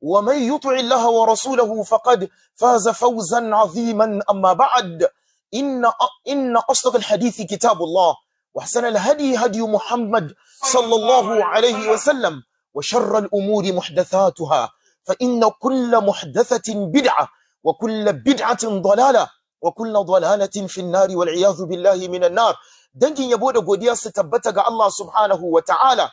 ومن يطع الله ورسوله فقد فاز فوزا عظيما أما بعد إن إن أصدق الحديث كتاب الله وأحسن الهدي هدي محمد صلى الله عليه وسلم وشر الأمور محدثاتها فإن كل محدثة بدعة وكل بدعة ضلالة وكل ضلالة في النار والعياذ بالله من النار دنجي yabo غوديا ستبتغ الله سبحانه وتعالى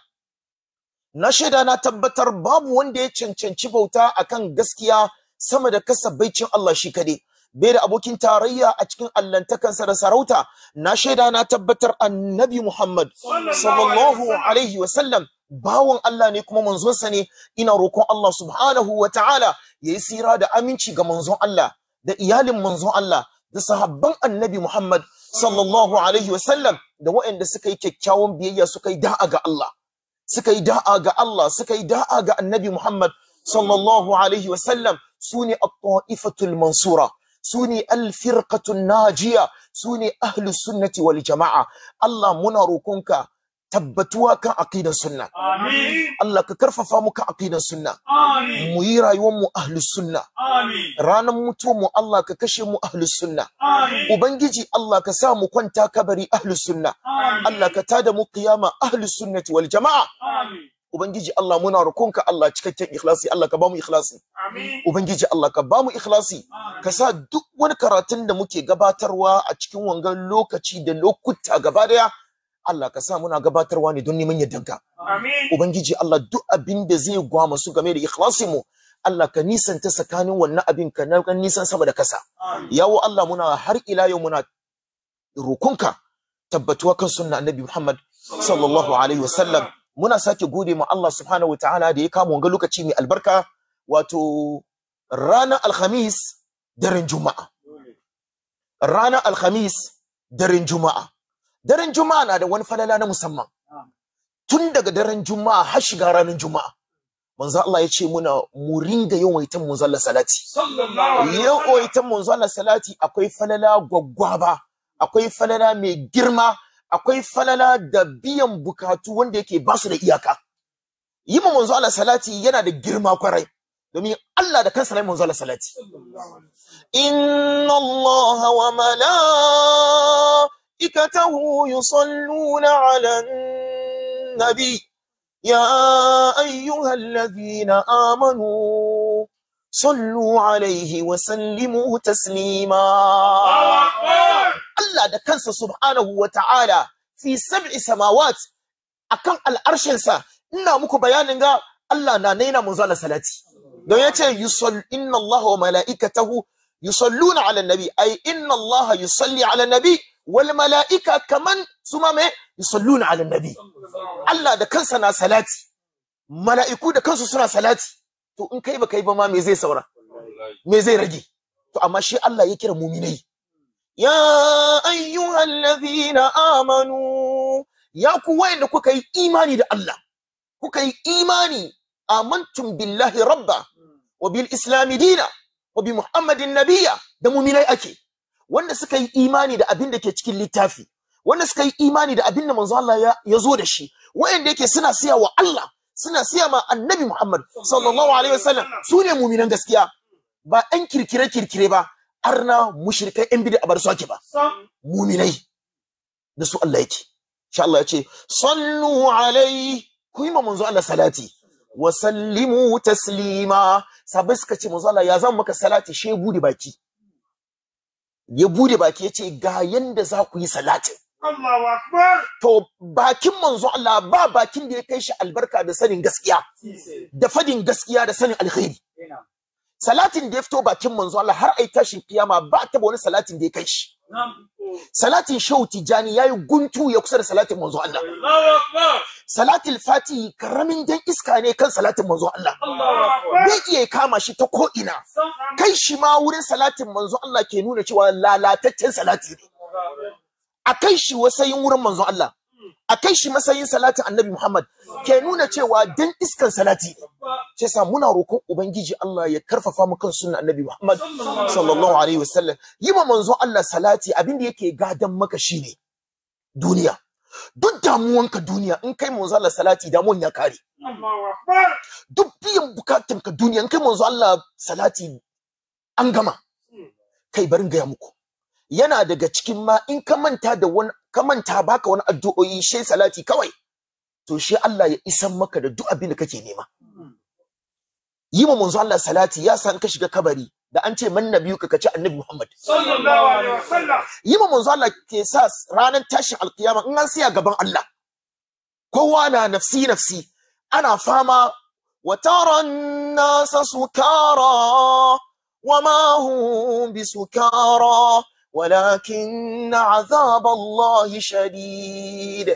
na shaida na tabbatar babu wanda ya cancanci bauta akan gaskiya sama da kasabaicin Allah shi kadai bai da abokin tarayya a cikin allantakansa da sarauta na shaida na tabbatar annabi Muhammad sallallahu alaihi wa sallam bawon Allah ne kuma manzonsa ne ina roƙon Allah subhanahu wa ta'ala yayi sira da aminci ga manzon Allah da iyalin manzon Allah da sahabban annabi Muhammad sallallahu alaihi wa sallam da waɗanda suka yi kyakkyawan biyayya suka yi da'a ga Allah suka yi da'a ga Allah suka yi da'a ga Annabi Muhammad sallallahu alaihi wa sallam sune at-ta'ifatul mansura sune al najiya sune ahlus sunnati wal jama'a Allah muna rokonka tabbatuwa kan aqidan sunna Allah ka karfafa mu kan aqidan sunna mu yi rayuwar mu ahlus sunna ranar mutuwar mu Allah ka kashe mu ahlus sunna ubangiji Allah ka sa mu kwanta kabari ahlus sunna Allah ka tada mu qiyama ahlus sunnati wal jamaa Ubangiji Allah muna rukunka Allah cikakken ikhlasi Allah ka bamu ikhlasi Ubangiji Allah ka bamu ikhlasi ka sa duk wani karatun da muke gabatarwa a cikin wangan lokaci da lokuta gaba daya Allah ka sa muna gabatarwa ne don neman yardanka ubangiji Allah duk abin da zai gwama su game da ikhlasin mu Allah ka nisanta tsakanin wannan abin ka na nisan sama da kasa yawo Allah muna har ila yau muna rukunka tabbatuwa kan sunna annabi Muhammad sallallahu alaihi sallam. muna sake gode ma Allah subhanahu wataala da ya kama wanga lokaci mai albarka wato ranar alhamis daren juma'a ranar alhamis daren juma'a daren juma'a na da wani falala na musamman tun daga daren juma'a har shiga ranar juma'a manzo Allah ya ce muna mu ringa yawaitan manzo Allah salati yawaitan manzo Allah salati akwai falala gwaggwaba akwai falala mai girma akwai falala da biyan bukatu wanda yake ba su da iyaka yi ma manzo Allah salati yana da girma kwarai domin Allah da kansa ne manzo salati inna Allah wa mala ملائكته يصلون على النبي يا أيها الذين آمنوا صلوا عليه وسلموا تسليما الله ده كنسا سبحانه وتعالى في سبع سماوات akan al'arshinsa ina muku bayanin ga Allah na naina munzala salati don yace yusall inna Allah wa malaikatahu yusalluna ala nabi ay inna Allah yusalli ala nabi wal mala'ika kaman su ma mai yusalluna ala nabi Allah da kansa na salati mala'iku da kansu suna salati to in kai ba kai ba ma me zai saura me zai rage to amma shi Allah ya kira mu'minai ya ayyuhallazina amanu ya ku wayanda kuka yi imani da Allah kuka yi imani amantum billahi rabba wa bil islami dina wa bi muhammadin nabiyya da mu'minai ake wanda suka yi imani da abin da ke cikin littafi wanda suka yi imani da abin da manzo Allah ya zo da shi wayanda yake suna siya wa Allah suna siya ma annabi Muhammad sallallahu alaihi wasallam su ne muminan gaskiya ba ɗan kirkire kirkire ba arna mushrikai ɗan bid'a bar soke ake ba muminai da su Allah yake insha Allah ya ce sallu alaihi ku yi ma manzo Allah salati wa sallimu taslima sabai suka ce manzo Allah ya zan maka salati shegu da baki ya bude baki ya ce ga yanda za ku yi salatin To bakin manzo Allah ba bakin da ya kai shi albarka da sanin gaskiya. Da fadin gaskiya da sanin alkhairi. Salatin da ya fito bakin manzo Allah har yi tashin kiyama ba ta wani salatin da ya kai shi. salatin shau tijani yi guntu ya kusa da salatin manzo Allah Salatin fati karamin dan iska ne kan salatin manzo Allah bai iya kama shi ta ko'ina. kai shi ma wurin salatin manzo Allah ke nuna cewa lalataccen salati ne a kai shi wasayin wurin manzo Allah a kai shi matsayin salatin annabi Muhammad ke nuna cewa dan iskan salati sai sa muna roƙon ubangiji Allah ya karfafa mu kan sunnan annabi Muhammad sallallahu alaihi wasallam yi ma manzo Allah salati abin da yake gadon maka shi ne. duniya duk damuwanka duniya in kai manzo Allah salati damuwan ya kare duk biyan bukatunka duniya in kai manzo Allah salati an gama kai barin gaya muku yana daga cikin ma in ka manta da wani ka manta baka wani addu'o'i shi salati kawai to shi Allah ya isan maka da duk abin da kake nema yi ma manzo Allah salati ya san ka shiga kabari da an ce man nabiyu ka kace annabi Muhammad sallallahu alaihi wasallam yi ma manzo Allah ke sa ranar tashin alkiyama in an siya gaban Allah kowa na nafsi nafsi ana fama wa taran nasa sukara ma hum bisukara walakin azab Allah shadid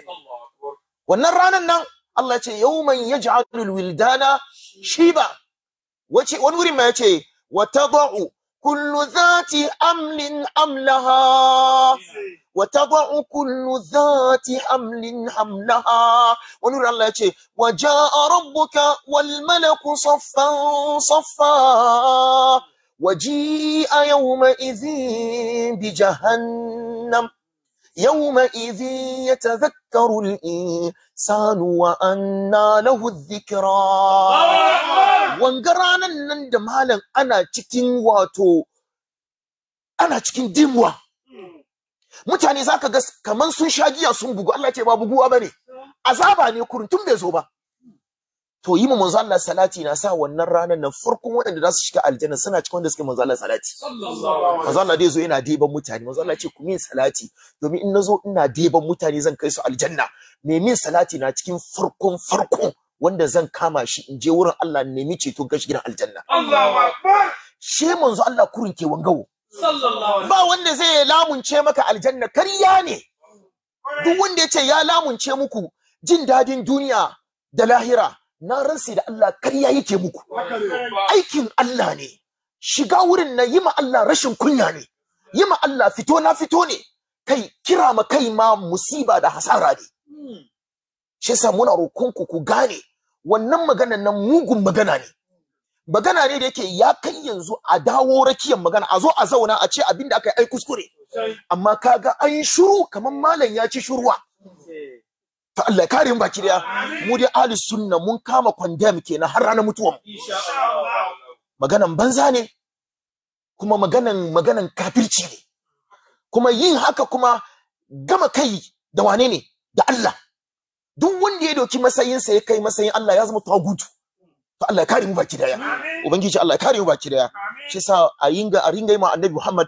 wannan ranar nan Allah ce yawman yaj'alul wildana shi ba. wani wurin ma ce, wa tad'u kullu zati amlin amlaha wa tad'u kullu zati amlin hamlaha wani wurin Allah ce, wa jaa rabbuka wal malaku saffan saffa Waji a yau mai bi jahannan yau mai izin ya taɗakkaru sanuwa an na da huɗu kira. Wanga nan da malam ana cikin wato, ana cikin dimuwa, mutane za ka ga kamar sun sha giya sun bugu. Allah ce ba buguwa ba ne. A ne, kuruntun bai zo ba. to yi ma manzo salati na sa wannan ranar nan farkon waɗanda za su shiga aljanna suna cikin wanda suka manzo Allah salati manzo Allah dai zo yana deban mutane manzo Allah ce ku min salati domin in nazo ina deban mutane zan kai su aljanna me min salati na cikin farkon farko wanda zan kama shi in je wurin Allah nemi ceto gashi gidan aljanna Allahu she manzo Allah kurin ke wangawo ba wanda zai lamunce maka aljanna kariya ne duk wanda ya ce ya lamunce muku jin dadin duniya da lahira na ransi da Allah karya yake muku aikin Allah ne shiga wurin na yi ma Allah rashin kunya ne Yima Allah fito na fito ne kai kira ma kai ma musiba da hasara ne shi yasa muna roƙon ku ku gane wannan magana nan mugun magana ne magana ne da yake ya kai yanzu a dawo rakiyar magana a zo a zauna a ce abin da aka yi ai kuskure amma kaga an shuru kamar malam ya ci shuruwa ta Allah ya kare mu baki daya mu dai ahli sunna mun kama condemn kenan har ranar mu maganan banza ne kuma maganan maganan kafirci ne kuma yin haka kuma gama kai da wane ne da Allah duk wanda ya doki sa ya kai matsayin Allah ya zama tagutu to Allah ya kare mu baki daya ubangiji Allah ya kare mu baki daya shi sa a yinga a ringa yi ma annabi Muhammad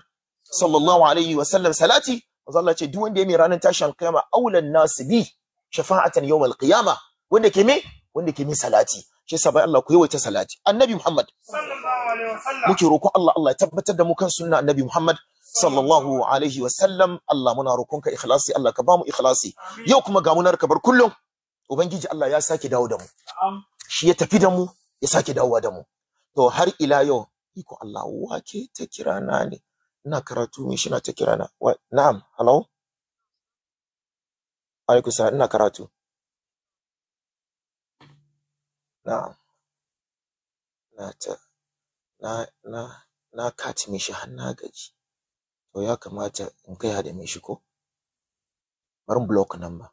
sallallahu alaihi wa sallam salati manzo ce duk wanda ya mai ranar tashin kiyama aulan nasibi shafa'atan yawal, qiyama wanda ke me wanda ke me salati shi yasa bai Allah ku yawaita salati annabi Muhammad sallallahu alaihi wasallam muke Allah Allah ya tabbatar da mu kan sunna annabi Muhammad sallallahu alaihi wasallam Allah muna rokonka ikhlasi Allah ka bamu ikhlasi yau kuma ga munar kabar kullum ubangiji Allah ya sake dawo da mu shi ya tafi da mu ya sake dawowa da mu to har ila yau iko Allah wake ta kirana ne ina karatu shi na ta kirana na'am hello Alaikum salam ina karatu. na Na ta na na na mai shi har na gaji. To ya kamata in kai mai shi ko? barin block number.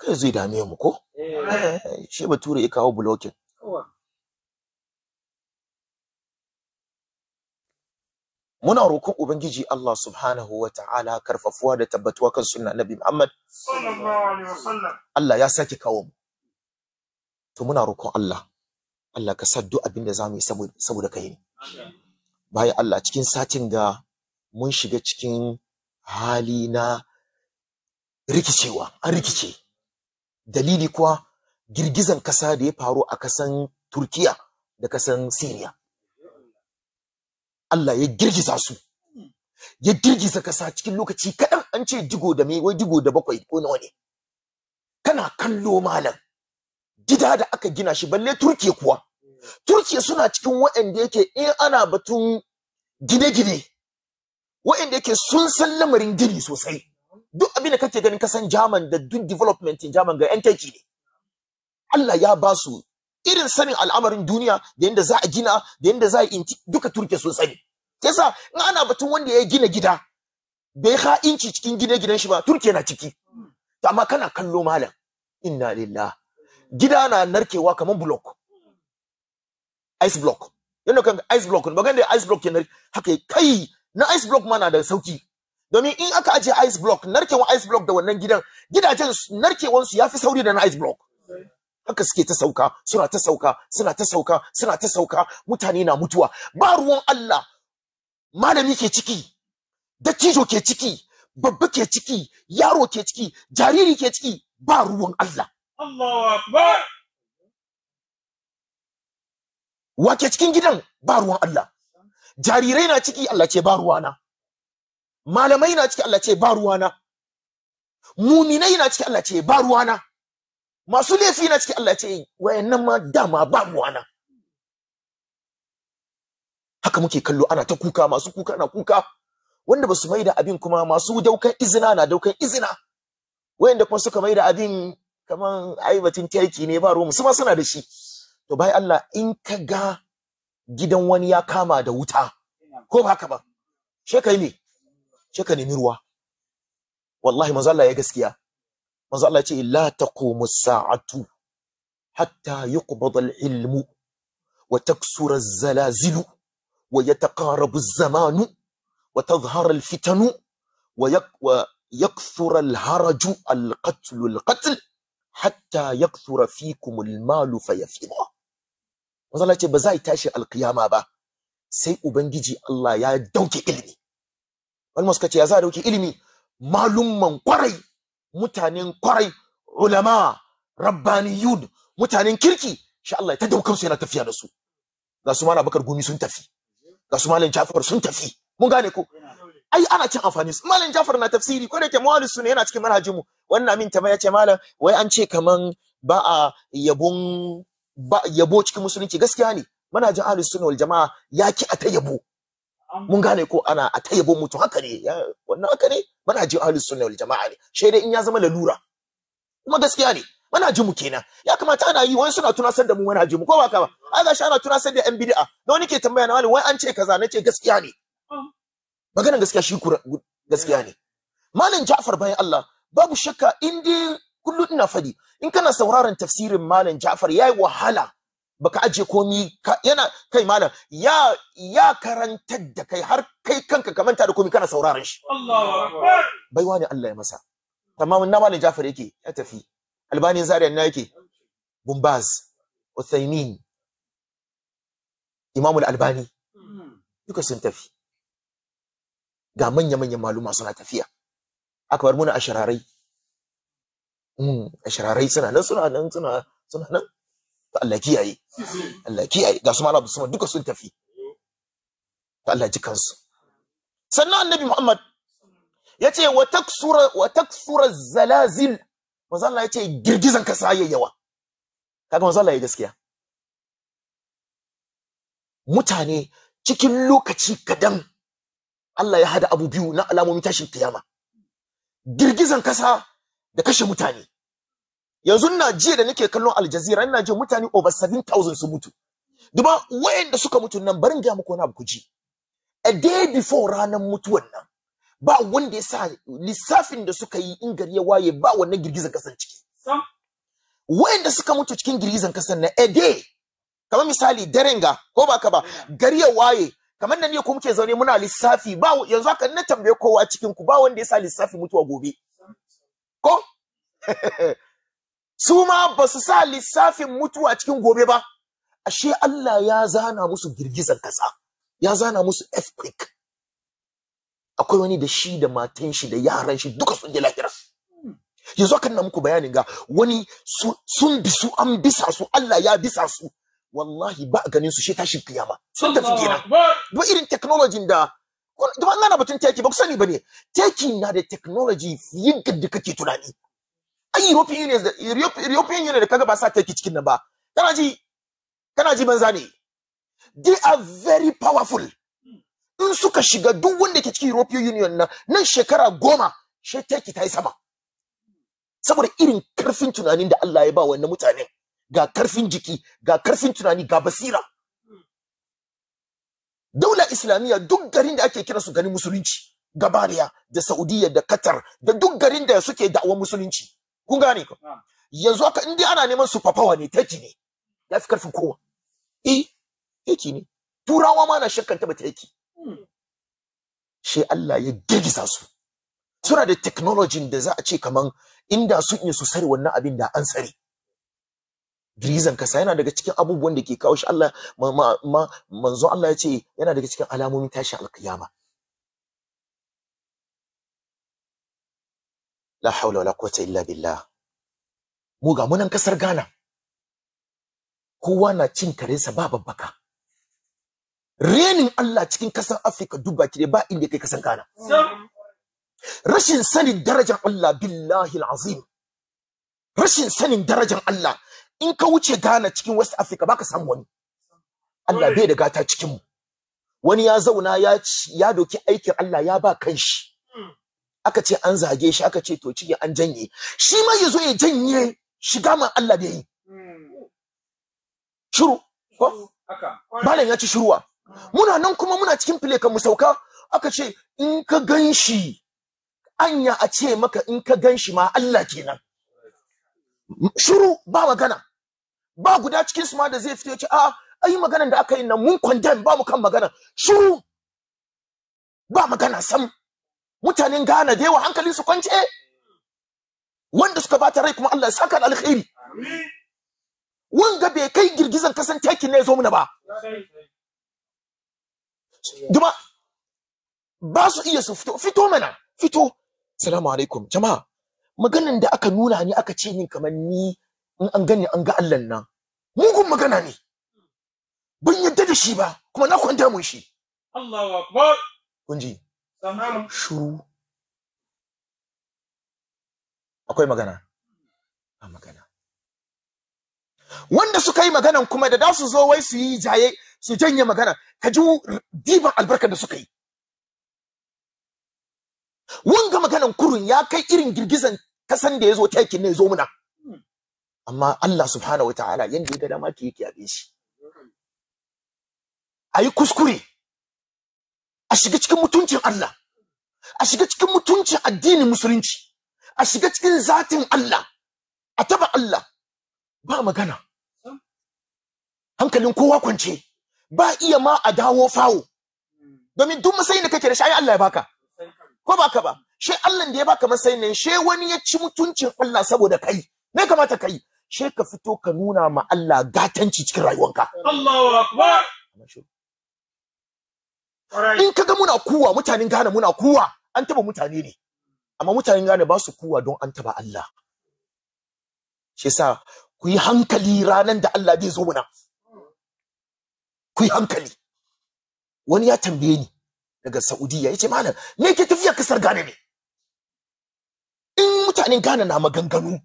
Kai zai dame mu ko? Eh. eh shi bature ya kawo blocking. muna roƙon ubangiji Allah subhanahu wa ta'ala karfafuwa da tabbatuwa kan sunna nabi Muhammad Allah ya sake kawo mu to muna roƙon Allah Allah ka sa duk abin da zamu yi saboda kai ne bayan Allah cikin satin ga mun shiga cikin hali na rikicewa an rikice dalili kuwa girgizan kasa da ya faru a kasan Turkiya da kasan Syria Allah ya girgiza su ya girgiza kasa cikin lokaci kaɗan an ce digo da me wai digo da bakwai ko nawa ne kana kallo malam gida da aka gina shi balle turkiya kuwa turkiya suna cikin waɗanda yake in ana batun gine-gine waɗanda yake sun san lamarin gini sosai duk abin da kake ganin kasan jaman da duk development in jaman ga yan ne Allah ya ba su irin sanin al'amarin duniya da yadda za a gina da yadda za a inci duka turke sun sani kesa in ana batun wanda ya gina gida bai ha inci cikin gine ginen shi ba turke na ciki to amma kana kallo malam inna lillah gida na narkewa kamar block ice block yanda kan ice block ba ganda ice block ke narke haka kai na ice block ma na da sauki domin in aka ajiye ice block narkewan ice block da wannan gidan gidajen narkewansu ya fi sauri da na ice block haka suke ta sauka suna ta sauka suna ta sauka suna ta sauka mutane na mutuwa ba ruwan Allah malami ke ciki dattijo ke ciki babba ke ciki yaro ke ciki jariri ke ciki ba ruwan Allah Allahu akbar wake cikin gidan ba ruwan Allah jarirai na ciki Allah ce ba ruwana malamai na ciki Allah ce ba ruwana muminai na ciki Allah ce ba ruwana masu laifi na cikin Allah ce wayannan ma dama ba mu ana haka muke kallo ana ta kuka masu kuka na kuka wanda ba su da abin kuma masu daukan izina na daukan izina wayanda kuma suka mai da abin kaman batun taiki ne ba ruwan su ma suna da shi to bai Allah in ka ga gidan wani ya kama da wuta ko ba haka ba shekai ne, shekai ne ruwa wallahi manzo Allah ya gaskiya manzo Allah ce la taqumu sa'atu hatta yuqbada al-ilmu wa taksura az-zalazilu wa yataqarabu az-zamanu wa tadhhara al-fitanu wa yakthura al-haraju al-qatlu al-qatl hatta yakthura fikum al-malu fayafidha manzo Allah ce ba za tashi tashi alkiyama ba sai ubangiji Allah ya dauke ilimi wal masu ce ya za dauke ilimi man kwarai mutanen kwarai ulama rabbaniyun mutanen kirki sha Allah ya tadaukan su yana tafiya da su ga su mana bakar gumi sun tafi ga su malam jafar sun tafi mun gane ko ai ana cin amfani su malam jafar na tafsiri ko da ke mawalin su yana cikin manhajin mu wannan min tama yace malam wai an ce kaman ba a yabon yabo cikin musulunci gaskiya ne manhajin ahlus sunna wal jamaa yaki a ta yabo mun gane ko ana a ta mutu haka ne wannan haka ne muna ji ahlus sunna wal jama'a ne Shaidai dai in ya zama lalura kuma gaskiya ne muna ji mu kenan ya kamata ana yi wani suna tunasar da mu muna ji mu ko ba ka ba ai ga ana tunasar da yan bid'a da wani ke tambaya na wani wai an ce kaza nace gaskiya ne maganar gaskiya shi gaskiya ne malam Ja'far bayan Allah babu shakka in dai kullu ina fadi in kana sauraron tafsirin malam Ja'far yayi wahala baka ajiye komi yana kai malam ya ya karantar da kai har kai kanka ka manta da komi kana sauraron shi baiwa ne Allah ya masa amma mun na malam Jafar yake ya tafi Albani Zaria na yake Bumbaz Uthaymin Imam albani duka sun tafi ga manya manya maluma suna tafiya aka bar muna A ashirarai hmm, suna nan suna nan suna suna nan Allah kiyaye Allah kiyaye ga su malam Abdul duka sun tafi Allah ji kansu sannan annabi Muhammad yace wa taksura wa taksura zalazil manzo Allah yace girgizan sai yawa kaga manzo Allah ya gaskiya mutane cikin lokaci kadan Allah ya hada abu biyu na alamomin tashin kiyama girgizan kasa da kashe mutane yanzu na jiya da nake kallon aljazira ina ji mutane over 7000 su mutu duba wayanda suka mutu nan barin ga muku wani abu kuji a day before ranar mutuwan nan ba wanda ya sa lissafin da suka yi in gari ya waye ba wannan girgizan kasan ciki wayanda suka mutu cikin girgizan kasan nan a day kamar misali darenga, ko ba ka ba gari ya waye kamar nan ne ko muke zaune muna lissafi ba yanzu haka na tambaye kowa cikin ku ba wanda ya sa lissafi mutuwa gobe ko su ma ba su sa lissafin mutuwa cikin gobe ba ashe Allah ya zana musu girgizar kasa ya zana musu earthquake akwai wani da shi da matan shi da yaran shi duka sun je lahira yanzu akan na muku bayanin ga wani sun bisu an bisa su Allah ya bisa su wallahi ba ganin su shi tashin kiyama sun tafi kenan ba irin technology da da wannan batun teki ba ku sani bane teki na da technology fiye da kake tunani ai European Union da European Union da kaga ba sa take cikin nan ba kana ji kana ji banza ne they are very powerful in suka shiga duk wanda ke cikin European Union na nan shekara goma she take ta yi sama saboda irin karfin tunanin da Allah ya ba wannan mutane, ga karfin jiki ga karfin tunani ga basira daula islamiyya duk garin da ake kira su ganin musulunci gabariya da saudiya da qatar da duk garin da suke da'awar musulunci kun gane ka yanzu haka in ana neman super power ne ta jini ya fi karfin kowa eh yake ne turawa ma na shakkanta ba ta yake hmm. shi Allah ya girgiza su suna da technology da za a ce kaman inda su iya su sare wannan abin da an sare Grizan kasa yana daga cikin abubuwan da ke kawo shi Allah manzo Allah ya ce yana daga cikin alamomin tashi alkiyama la haula wala quwwata illa billah mu ga munan kasar Ghana kowa na cin karensa ba babbaka renin Allah cikin kasar Afrika duk baki ba inda kai kasan Ghana rashin sanin darajar Allah billahi alazim rashin sanin darajar Allah in ka wuce Ghana cikin West Africa baka samu wani Allah bai da gata cikin mu wani ya zauna ya ya doki aikin Allah ya ba kanshi aka ce an zage shi aka ce to ciki an janye shi ma ya zo ya janye shiga man Allah da yi shiru ko malam ya ci shiruwa muna nan kuma muna cikin file kan mu sauka aka ce in ka ganshi anya a ce maka in ka ganshi ma Allah kenan shiru ba magana ba guda cikin su ma da zai fito ya ce a ai maganan da aka yi nan mun condemn ba mu kan magana shiru ba magana sam mutanen Ghana da yawa hankali su kwance wanda suka bata rai kuma Allah ya saka alkhairi alkhairi wanga bai kai girgizan kasan taki ne ya zo mana ba duma ba su iya su fito fito mana fito assalamu alaikum jama'a maganan da aka nuna ni aka ce ni kamar ni in an gani an ga Allah nan mugun magana ne ban yadda da shi ba kuma na kwanta mun shi Allahu akbar kun shuru akwai magana wanda suka yi maganan kuma da da su zo wai su yi jaye su janye magana ka ji diban albarkar da suka yi wanga maganan kurun ya kai irin girgizan kasan da ya zo taikin ne zo muna hmm. amma Allah subhanahu wa ta'ala yanda ya ga dama ke yake abin shi ayi kuskure a shiga cikin mutuncin Allah a shiga cikin mutuncin addinin musulunci a shiga cikin zatin Allah a taba Allah ba magana hankalin kowa kwance ba iya ma a dawo fawo domin duk masai da kake da shi Allah ya baka ko baka ba she Allah da ya baka masai ne she wani ya ci mutuncin Allah saboda kai me kamata kai she ka fito ka nuna ma Allah gatanci cikin rayuwanka Allahu akbar in kaga muna kuwa mutanen Ghana muna kuwa an taba mutane ne amma mutanen Ghana ba su kuwa don an taba Allah shi yasa ku yi hankali ranan da Allah zai zo muna ku yi hankali wani ya tambaye ni daga Saudiya yace malam me ke tafiya kasar Ghana ne in mutanen Ghana na maganganu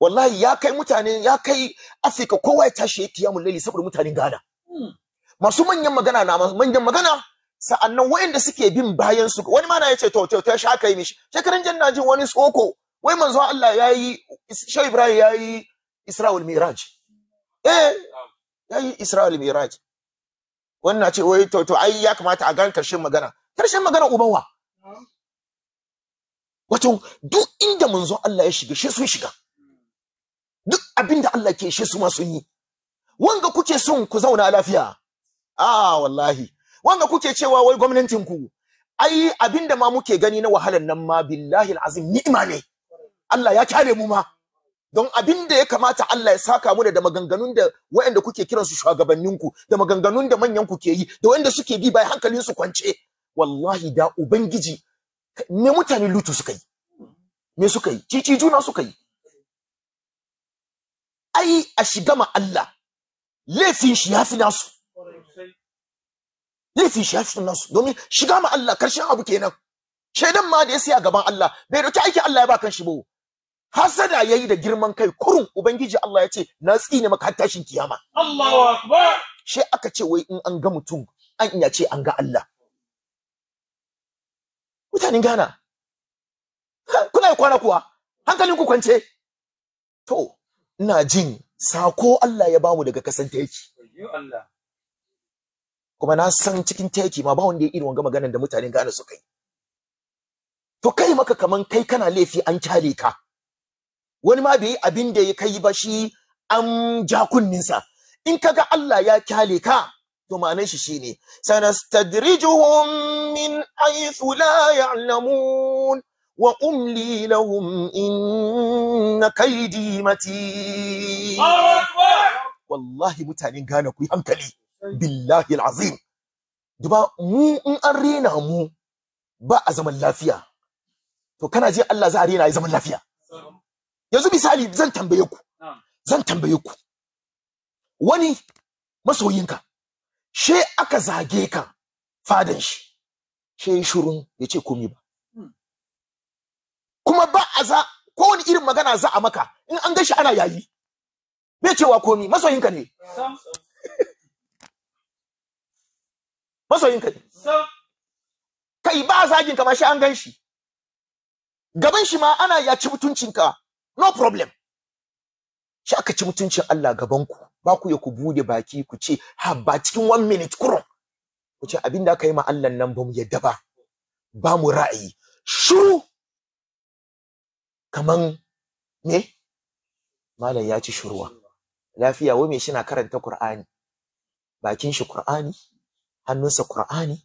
wallahi ya kai mutane ya kai Afirka kowa ya tashi ya kiyamun laili saboda mutanen Ghana hmm. masu manyan magana na manyan magana sa'annan wa'inda suke bin bayan su wani ma na yace to to ta shaka yi mishi shekaran janna jin wani tsoko wai manzo Allah yayi Shehu Ibrahim yayi Isra'ul Miraj eh yayi Isra'ul Miraj wannan ce wai to to ai ya kamata a ga karshen magana karshen magana ubawa wato duk inda manzo Allah ya shiga shi sun shiga duk abinda Allah ke shi su ma sun yi wanga kuke son ku zauna lafiya Ah, wallahi wanda kuke cewa wai gwamnatin ku ai abinda ma muke gani na wahalan nan ma billahi alazim ni'ima ne Allah ya kyale mu ma don abinda ya kamata Allah ya saka mu da maganganun da waɗanda kuke kiran su shugabannin ku da maganganun da manyan ku ke yi da waɗanda suke bi bai hankalin su kwance wallahi da ubangiji me mutane lutu suka yi me suka yi cici juna suka yi ai a shiga ma Allah laifin shi ya fi nasu yafi shi yafi nasu domin shiga ma Allah karshen abu kenan shaidan ma da ya siya gaban Allah bai dauki aiki Allah ya ba kan shi ba hasada yayi da girman kai kurun ubangiji Allah ya ce na tsine maka har tashin kiyama Allahu akbar she aka ce wai in an ga mutum an iya ce an ga Allah mutanen gana, kuna yi kwana kuwa hankalin ku kwance to ina jin sako Allah ya bamu daga kasantaki. Allah kuma na san cikin teki ma ba wanda ya irin wanga maganan da mutane gane su kai. to kai maka kaman kai kana laifi an kyale ka wani ma bai abin da ya kai ba shi an ja kunninsa in kaga Allah ya kyale ka to ma'anar shi shine sanastadrijuhum min haythu la ya'lamun wa umli lahum inna kaydi matin wallahi mutanen gane ku hankali billahi alazim duba mu in an rena mu ba a zaman lafiya to kana ji Allah za a rena zaman lafiya yanzu misali zan tambaye ku zan tambaye ku wani masoyinka she aka zage ka fadan shi she shurun ya ce komi ba hmm. kuma ba a za wani irin magana za a maka in an gashi ana yayi bai cewa komi masoyinka ne masoyin ka kai ba zagin ka ba shi an gan shi gaban shi ma ana ya ci mutuncin ka no problem shi aka ci mutuncin Allah gaban ku ba ku ya ku bude baki ku ce ha ba cikin one minute kurun ku ce abinda aka yi ma Allah nan ba mu yadda ba ba mu ra'ayi shu kaman me malam ya ci shuruwa lafiya wai me shi na karanta Qur'ani bakin shi Qur'ani hannunsa ƙur'ani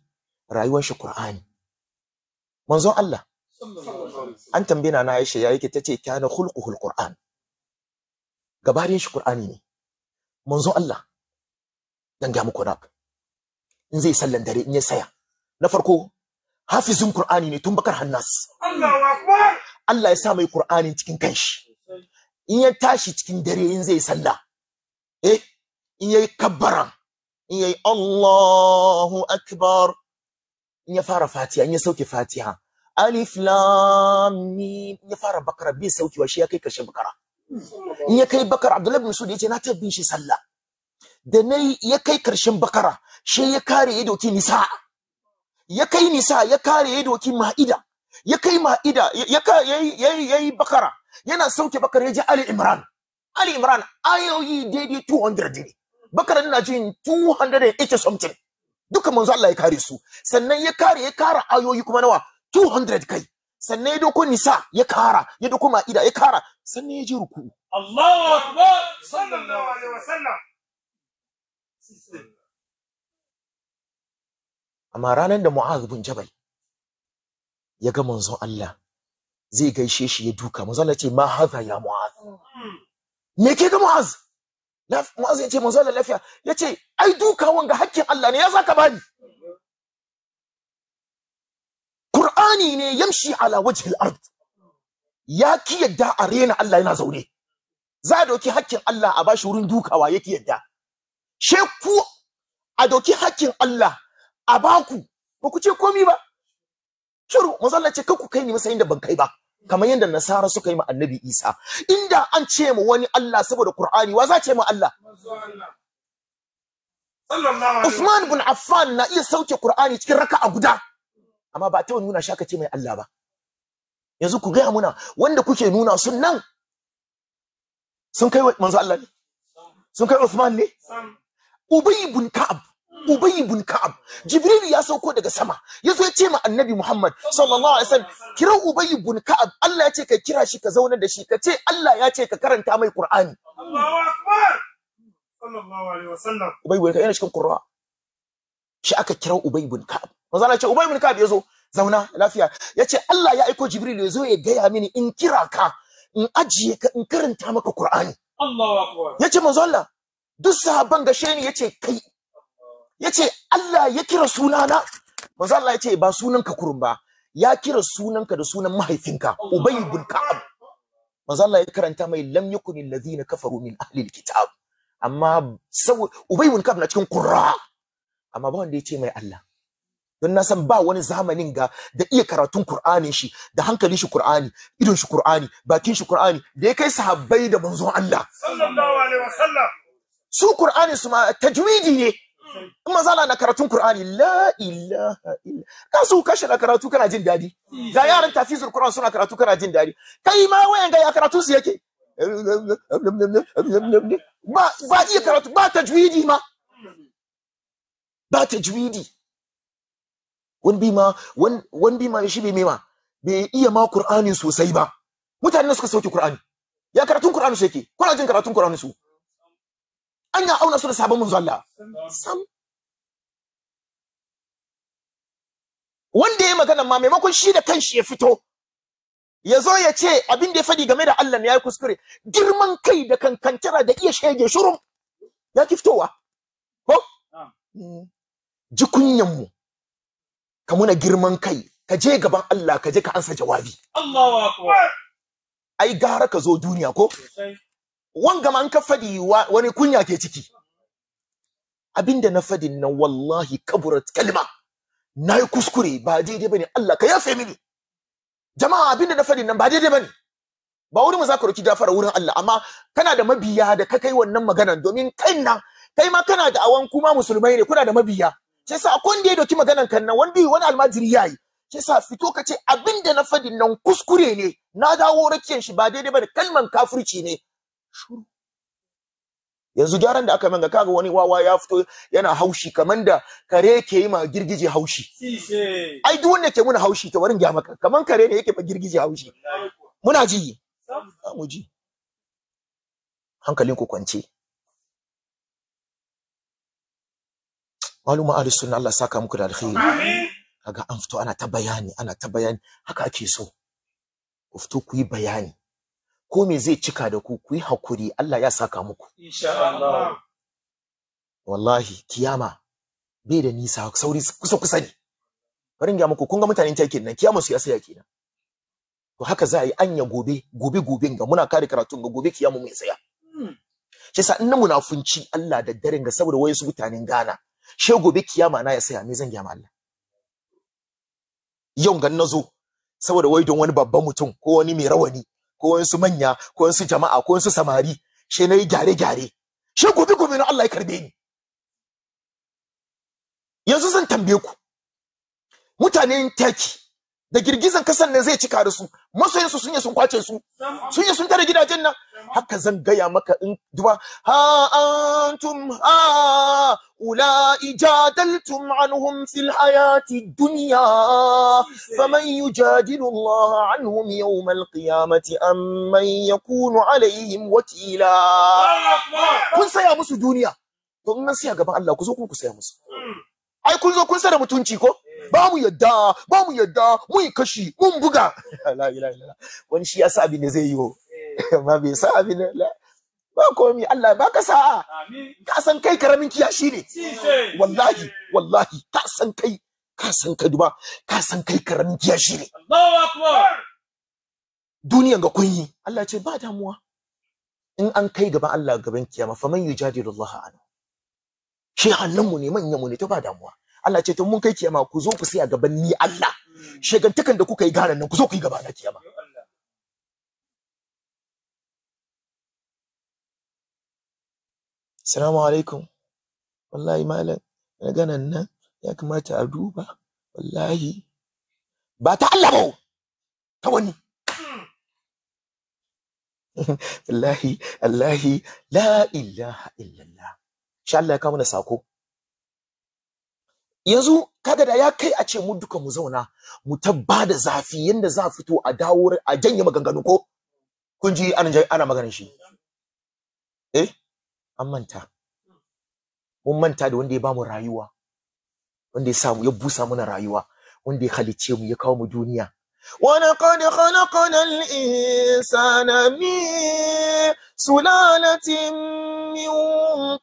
rayuwar shi Qur'ani manzon Allah an tambina na Aisha ya yake ta ce kana khulquhul Qur'an gabarin shi Qur'ani ne manzon Allah dan ga muku in zai sallan dare in ya saya na farko hafizin Qur'ani ne tun bakar hannas Allah ya sa mai Qur'ani cikin kanshi in ya tashi cikin dare in zai sallah eh in yayi kabbaran in yi Allahu akbar in ya fara fatiha in ya sauke fatiha alif lam mim in ya fara bakara bai saukewa shi ya kai karshen bakara in ya kai bakara Abdullahi bin Sudi yace na ta bin shi sallah da na ya kai karshen bakara shi ya kare ya doki nisa ya kai nisa ya kare ya doki ma'ida ya kai ma'ida ya kai ya yi bakara yana sauke bakara ya ji Ali Imran Ali Imran ayoyi daidai 200 ne bakara na jin 280 something duka manzo Allah ya kare su sannan ya kare ya kara ayoyi kuma nawa 200 kai sannan ya doko nisa ya kara ya doko ma'ida ya kara sannan ya je ruku Allahu akbar sallallahu alaihi wasallam amma ranar da Mu'adh bin Jabal ya ga manzo Allah zai gaishe shi ya duka manzo Allah ce ma hadha ya Mu'adh hmm. me ke ga Mu'adh mu'azu ya ce manzo Allah lafiya ya ce ai dukawan ga hakkin Allah ne ya zaka bani Kur'ani ne yamshi ala wajhil ard ya ki yadda a rena Allah yana zaune za a doki hakkin Allah a bashi wurin dukawa ya ki yadda she ku a doki hakkin Allah a baku ba ku ce komi ba shiru manzo Allah ce ku kai ni masa da ban kai ba kamar yadda nasara suka yi ma annabi isa inda an ce ma wani allah saboda qur'ani wa za ce ma allah Usman bin Affan na iya sauke Kur'ani cikin raka'a guda amma ba ta nuna shaka ce mai Allah ba yanzu ku gaya muna wanda kuke nuna sun nan sun kai manzo Allah ne sun kai Usman ne Ubay bin Ka'ab Ubay ibn Ka'ab Jibril ya sauko daga sama yazo ya ce ma Annabi Muhammad sallallahu alaihi wasallam kira Ubay ibn Ka'ab Allah ya ce ka kira shi ka zauna da shi ka ce Allah ya ce ka karanta mai Qur'ani Allahu akbar sallallahu alaihi wasallam Ubay ibn Ka'ab yana cikin Qur'a shi aka kira Ubay ibn Ka'ab manzo ya ce Ubay ibn Ka'ab yazo zauna lafiya Ya ce Allah ya aiko Jibril yazo ya gaya mini in kira ka in ajiye ka in karanta maka Qur'ani Allahu akbar yace manzo Allah duk sahabban gashe ni yace kai yace Allah ya kira sunana manzo Allah yace ba ka kurun ba ya kira sunanka da sunan mahaifinka Ubay ibn Ka'ab manzo Allah ya karanta mai lam yakunil ladina kafaru min ahli alkitab amma saboda Ubay ibn Ka'ab na cikin qurra amma ba wanda yace mai Allah don na san ba wani zamanin ga da iya karatun Kur'anin shi da hankalin shi Kur'ani idon shi Kur'ani bakin shi Kur'ani da ya kai sahabbai da manzon Allah sallallahu alaihi wasallam su qur'ani su ma tajwidi ne Kuma zala na karatun Kur'ani la ilaha illa ka su kashe na karatu kana jin dadi ga yaran tafsirul Qur'an suna karatu kana jin dadi kai ma wayan ga ya karatu su yake ba ba iya karatu ba tajwidi ma ba tajwidi wani bi ma wani bi ma shi bi mema bai iya ma Qur'ani sosai ba mutanen suka sauke Qur'ani ya karatun Qur'ani su yake kuna jin karatun Qur'ani su an ya auna su da sabon manzo Allah sam wanda ya magana ma maimakon shi da kanshi ya fito ya zo ya ce abin da ya faɗi game da Allah ne yayi yi kuskure girman kai da kankantara da iya shege shurum ya ki fitowa ko mm. ji kunyan mu ka muna girman kai ka je gaban Allah ka je ka ansa jawabi Allahu akbar ai gara ka zo duniya ko wanga an ka fadi wani kunya ke ciki abinda na fadin nan wallahi kaburat kalma nayi kuskure ba daidai bane Allah ka yafe mini jama'a abinda na fadin nan ba daidai bane ba wurin za ka roki fara wurin Allah amma kana da mabiya da ka kai wannan maganan domin kai nan kai ma kana da awan kuma musulmai ne kuna da mabiya sai sa akwai wanda ya doki maganan kan nan wani wani almajiri yayi sai sa fito ka ce abinda na fadin nan kuskure ne na dawo rakiyan shi ba daidai bane kalman kafirci ne shuru yanzu gyaran da aka manga kaga wani wawa ya fito yana haushi kaman da kare ke yi ma girgije haushi ai duk wanda ke muna haushi ta wurin gya maka kaman kare ne yake ma girgije haushi muna ji mu ji hankalin ku kwance maluma ahli sunna Allah saka muku da alkhairi kaga an fito ana ta bayani ana ta bayani haka ake so ku fito ku yi bayani ko me zai cika da ku ku yi hakuri Allah ya saka muku wallahi kiyama bai da nisa sauri kusa kusa ne bari ga muku kun ga mutanen take nan kiyama su ya saya kenan to haka za a yi anya gobe gobe goben ga muna kare karatu, ga gobe kiyama mai tsaya hmm. shi sa in na munafunci Allah da daren ga saboda wayansu mutanen Ghana she gobe kiyama na ya saya me zan gyama Allah yau gan zo saboda wai don wani babban mutum ko wani mai rawani ko wasu manya ko wasu jama'a ko wasu samari she yi gyare gyare she gobe gobe na Allah ya karbe ni yanzu zan tambaye ku mutanen Turkey da girgizan kasan ne zai cika da su masoyansu sun yi sun kwace su sun yi sun tare gidajen nan haka zan gaya maka in duba ha antum ha ulai jadaltum anhum fil hayati dunya faman yujadilu Allah anhum yawm al qiyamati am man yakunu alaihim wakila kun saya musu duniya to in nan saya gaban Allah ku zo ku saya musu ai kun zo kun sa da mutunci ko ba mu yadda ba mu yadda mun kashi mun buga la ilaha illallah wani shi ya sa abin da zai yi eh. amma bai sa abin da ba komi Allah ba ka sa'a ka san kai karamin kiyashi ne wallahi wallahi ka san kai ka san kai duba ka san kai karamin kiyashi ne Allahu akbar duniyan ga kunyi Allah ce ba damuwa in an kai gaban Allah gaban kiyama faman yujadilu Allah anhu shi hannun mu ne manyan mu ne to ba damuwa Allah ce to mun kai kiyama ku zo ku sai a gaban ni Allah shegantakan da kuka yi garan nan ku zo ku yi gaba na kiyama Assalamu alaikum wallahi malam maganan nan ya kamata a duba wallahi ba ta Allah ba ta wani wallahi wallahi la ilaha illallah insha Allah ya kawo na sako yanzu kaga da ya kai a ce mu duka mu zauna mu ta da zafi yanda za fito a dawo a janye maganganu ko kun ji ana maganin shi eh an manta mun manta da wanda ya bamu rayuwa wanda ya samu ya busa mana rayuwa wanda ya halice mu ya kawo mu duniya ولقد خلقنا الإنسان من سلالة من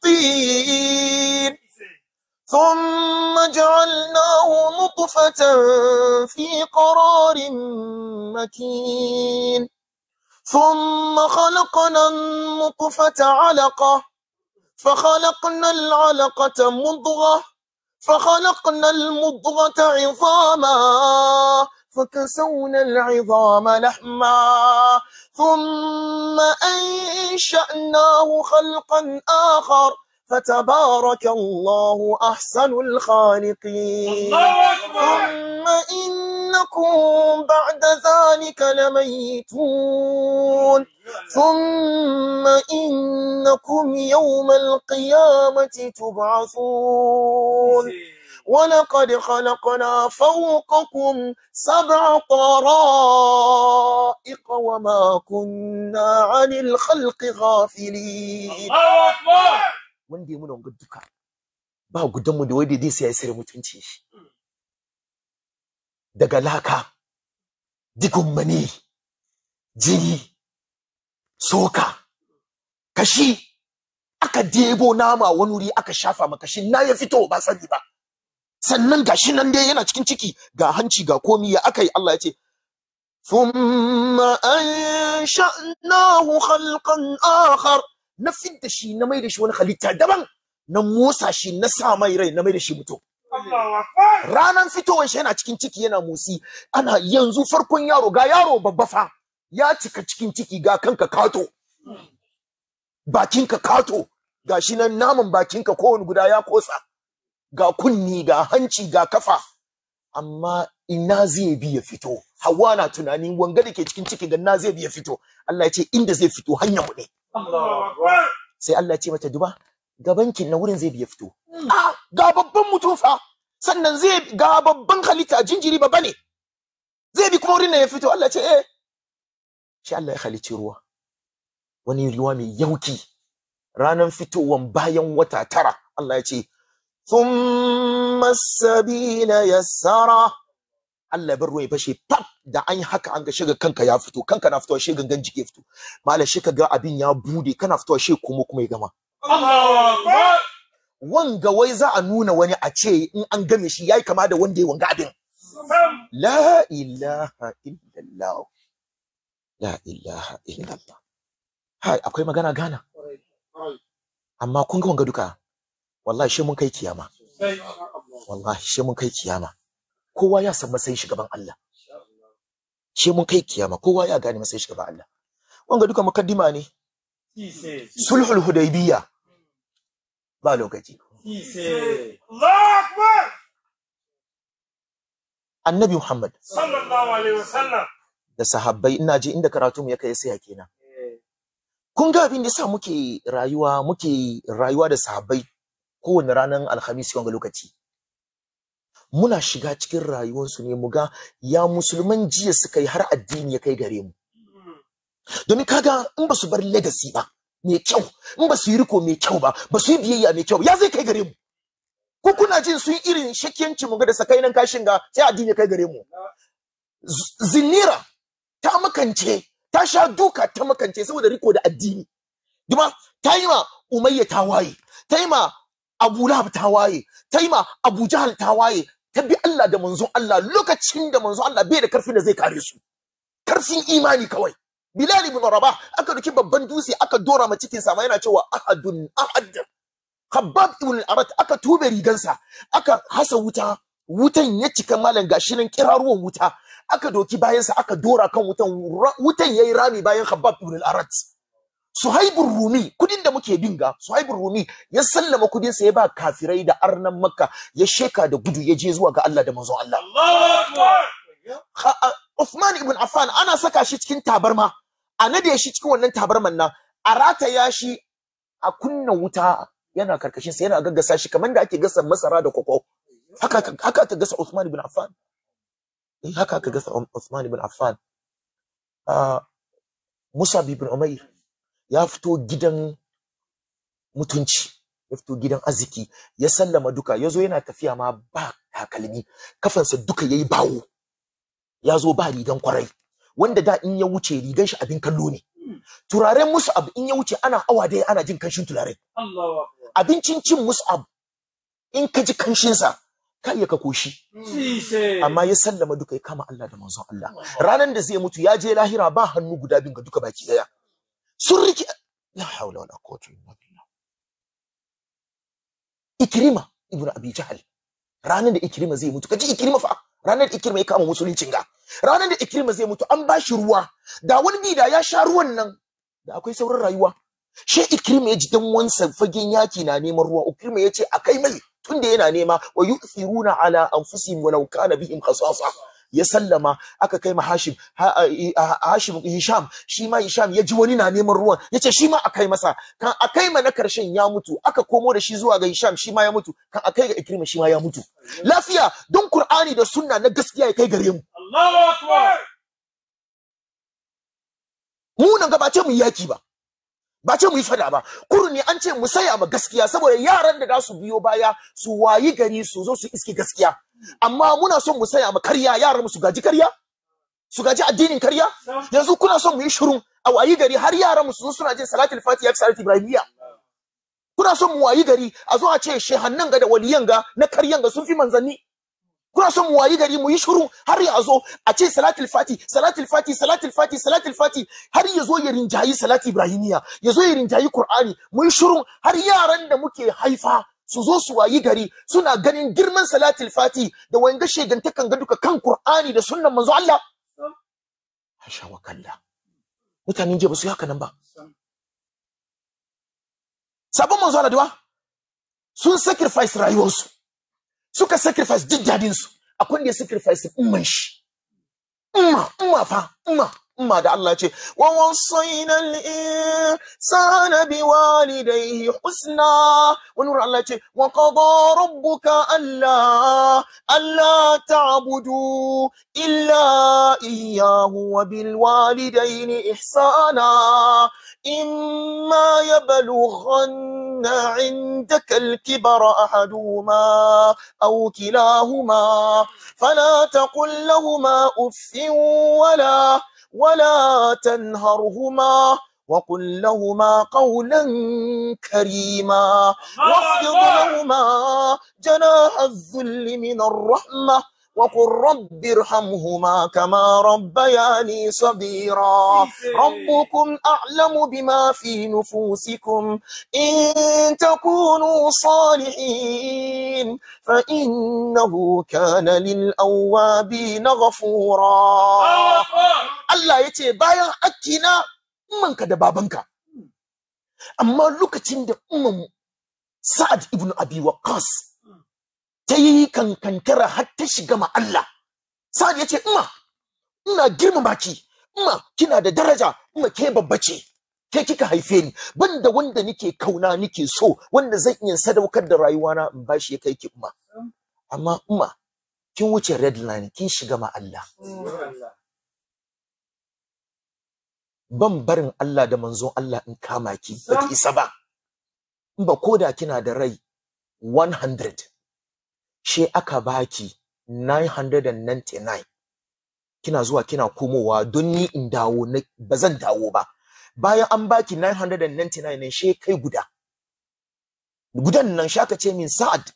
طين ثم جعلناه نطفة في قرار مكين ثم خلقنا النطفة علقة فخلقنا العلقة مضغة فخلقنا المضغة عظاما فكسونا العظام لحما ثم أنشأناه خلقا آخر فتبارك الله أحسن الخالقين الله أكبر ثم إنكم بعد ذلك لميتون ثم إنكم يوم القيامة تبعثون ولقد خلقنا فوقكم سبع طرائق وما كنا عن الخلق غافلين الله أكبر wanda ya muna wanga duka ba gudanmu da wai daidai sai ya sare mutunci shi daga laka digunmani mani jini soka kashi aka debo nama wani wuri aka shafa kashi na ya fito ba sani ba sannan gashi nan dai yana cikin ciki ga hanci ga komi ya aka yi Allah ya ce ثم أنشأناه خلقا آخر na fidda shi na mai da shi wani halitta daban na motsa shi na sa mai rai na mai da shi mutum ranan fitowar shi yana cikin ciki yana motsi ana yanzu farkon yaro ga yaro babba fa ya cika cikin ciki ga kanka kato bakinka kato ga shi nan naman bakinka kowani guda ya kotsa ga kunni ga hanci ga kafa amma ina zai bi ya fito hawa na tunanin wanga da ke cikin ciki ga na zai bi ya fito Allah ya ce inda zai fito hanyar mu ne sai Allah ce mata duba gabankin na wurin zai biya fito hmm. ah, ga babban mutum fa sannan zai ga babban halitta jinjiri ba ne zai bi kuma wurin nan ya fito Allah ce eh shi Allah ya halicci ruwa wani ruwa mai yauki ranan fitowan bayan wata tara Allah ya ce thumma sabila yassara Allah ya bar ruwa ya fashe pap da an yi haka an ga shiga kanka ya fito kanka na fitowa shi gangan ya fito malam shi ga abin ya bude kana fitowa shi kuma kuma ya gama wanga wai za a nuna wani a ce in an game shi yayi kama da wanda ya wanga abin la ilaha illallah la ilaha illallah hai akwai magana gana amma kun ga wanga duka wallahi shi mun kai kiyama wallahi shi mun kai kiyama kowa ya san matsayin shi gaban Allah shi mun kai kiyama kowa ya gane matsayin shi gaban Allah wanga duka mukaddima ne sulhul hudaybiya ba lokaci annabi Muhammad sallallahu alaihi wasallam da sahabbai ina je inda karatu mu ya kai sai kenan kun ga abin da sa muke rayuwa muke rayuwa da sahabbai kowane ranar alhamis wanga lokaci muna shiga cikin rayuwarsu ne mu ga ya musulman jiya suka yi har addini ya kai gare mu domin kaga in ba su bar legacy ba mai kyau in ba su yi riko mai kyau ba ba su yi biyayya mai kyau ya zai kai gare mu ko kuna jin su irin shakiyanci mu ga da nan kashin ga sai addini ya kai gare mu zinira ta makance ta sha duka ta makance saboda riko da addini duma ta yi ma umayya ta waye ta yi ma abu lahab ta waye ta yi ma abu jahal ta waye ta bi Allah da manzon Allah lokacin da manzon Allah bai da karfin da zai kare su karfin imani kawai Bilal ibn Rabah aka duki babban dutse aka dora ma cikin sa yana cewa ahadun ahad habab ibn al-Arat aka tube rigansa aka hasa wuta wutan ya cika malam gashi nan kiraruwan wuta aka doki bayansa aka dora kan wutan wutan yayi rami bayan habab ibn al-Arat Suhaibun Rumi kudin da muke dinga, ga Suhaibun Rumi ya sallama kudin sa ya ba kafirai da arnan Makka ya sheka da gudu ya je zuwa ga Allah da manzon Allah Allahu Akbar Uthman ibn Affan ana saka shi cikin tabarma a nade shi cikin wannan tabarman nan a rataya shi a kunna wuta yana karkashin sa yana gaggasa shi kamar da ake gasa masara da koko haka haka aka gasa Uthman ibn Affan eh haka aka gasa Uthman ibn Affan ah, Musa ibn Umair ya fito gidan mutunci ya fito gidan arziki ya sallama duka ya zo yana tafiya ma ba takalmi kafansa duka ya yi bawo ya zo ba rigan kwarai wanda da in ya wuce rigan shi abin kallo ne turaren mus'ab in ya wuce ana awa dai ana jin kanshin turare abincin cin mus'ab in ka ji kanshinsa ka iya ka koshi amma ya sallama duka ya kama Allah da manzon Allah ranan da zai mutu ya je lahira ba hannu guda bin ga duka baki daya sun rike la haula wala quwwata illa billah ikrima ibnu abi ranar da ikrima zai mutu kaji ikrima fa ranar da ikrima ya kama musuluncin ga ranar da ikrima zai mutu an bashi ruwa da wani bida ya sha ruwan nan da akwai sauran rayuwa she ikrima ya ji dan wansa fagen yaki na neman ruwa ikrima ya ce akai mai tunda yana nema wa yu'thiruna ala anfusihim walau kana bihim khasasa ya sallama aka kai ma Hashim Hashim Hisham shi ma Hisham ya ji wani na neman ruwan yace shi ma akai masa kan akai ma na karshen ya mutu aka komo da shi zuwa ga Hisham shi ma ya mutu kan akai ga Ikrima shi ma ya mutu lafiya don Kur'ani da sunna na gaskiya ya kai gare mu Allahu akbar mu nan gabace mu yaki ba ba ce mu yi fada ba kuru ne an ce mu saya ma gaskiya saboda yaran da za su biyo baya su wayi gari su zo su iske gaskiya amma muna son mu saya ma karya yaran mu su gaji karya su gaji addinin karya yanzu kuna son mu yi shirun a wayi gari har yaran mu su zo suna jin salatul fatiha da salatul ibrahimiya kuna son mu wayi gari a zo a ce shehannan ga da waliyan ga na karyan ga sun fi manzanni kuna son mu wayi gari mu yi shiru har ya zo a ce salatul fati salatul fati salatul fati salatul fati har ya zo ya rinjayi salati ibrahimiya ya zo ya rinjayi qur'ani mu yi shiru har yaran da muke haifa su zo su wayi gari suna ganin girman salatul fati da wanga shegantakan ga duka kan qur'ani da sunnan manzo Allah hasha wa kalla jiya ba su yi haka nan ba sabon manzo Allah da sun sacrifice rayuwarsu suka sacrifice duk dadin su akwai da sacrifice umman shi umma umma fa umma umma da Allah ce wa wasayna al-insana walidayhi husna wani wurin Allah ce wa qada rabbuka alla alla ta'budu illa iyyahu wa bil walidayni ihsana إما يبلغن عندك الكبر أحدهما أو كلاهما فلا تقل لهما أف ولا ولا تنهرهما وقل لهما قولا كريما واخفض لهما جناح الذل من الرحمه وقل رب ارحمهما كما ربياني صغيرا ربكم أعلم بما في نفوسكم إن تكونوا صالحين فإنه كان للأوابين غفورا الله يتي بايا أكينا منك دبابنك أما لوكتين دا أمم سعد ابن أبي وقاص ta yi kankantara har ta shiga ma Allah sa'ad yace umma ina girmama ki umma kina da daraja umma ke babba ce ke kika haife ni banda wanda nike kauna nike so wanda zan iya sadaukar da rayuwana in bashi ya kai ki umma amma umma kin wuce red line kin shiga ma Allah ban barin Allah da manzon Allah in kama ki baki isa ba in ba koda kina da rai 100 she aka baki 999 kina zuwa kina komowa don ni in dawo ba zan dawo ba bayan an baki 999 ne she kai guda gudan nan shaka ce min sa'ad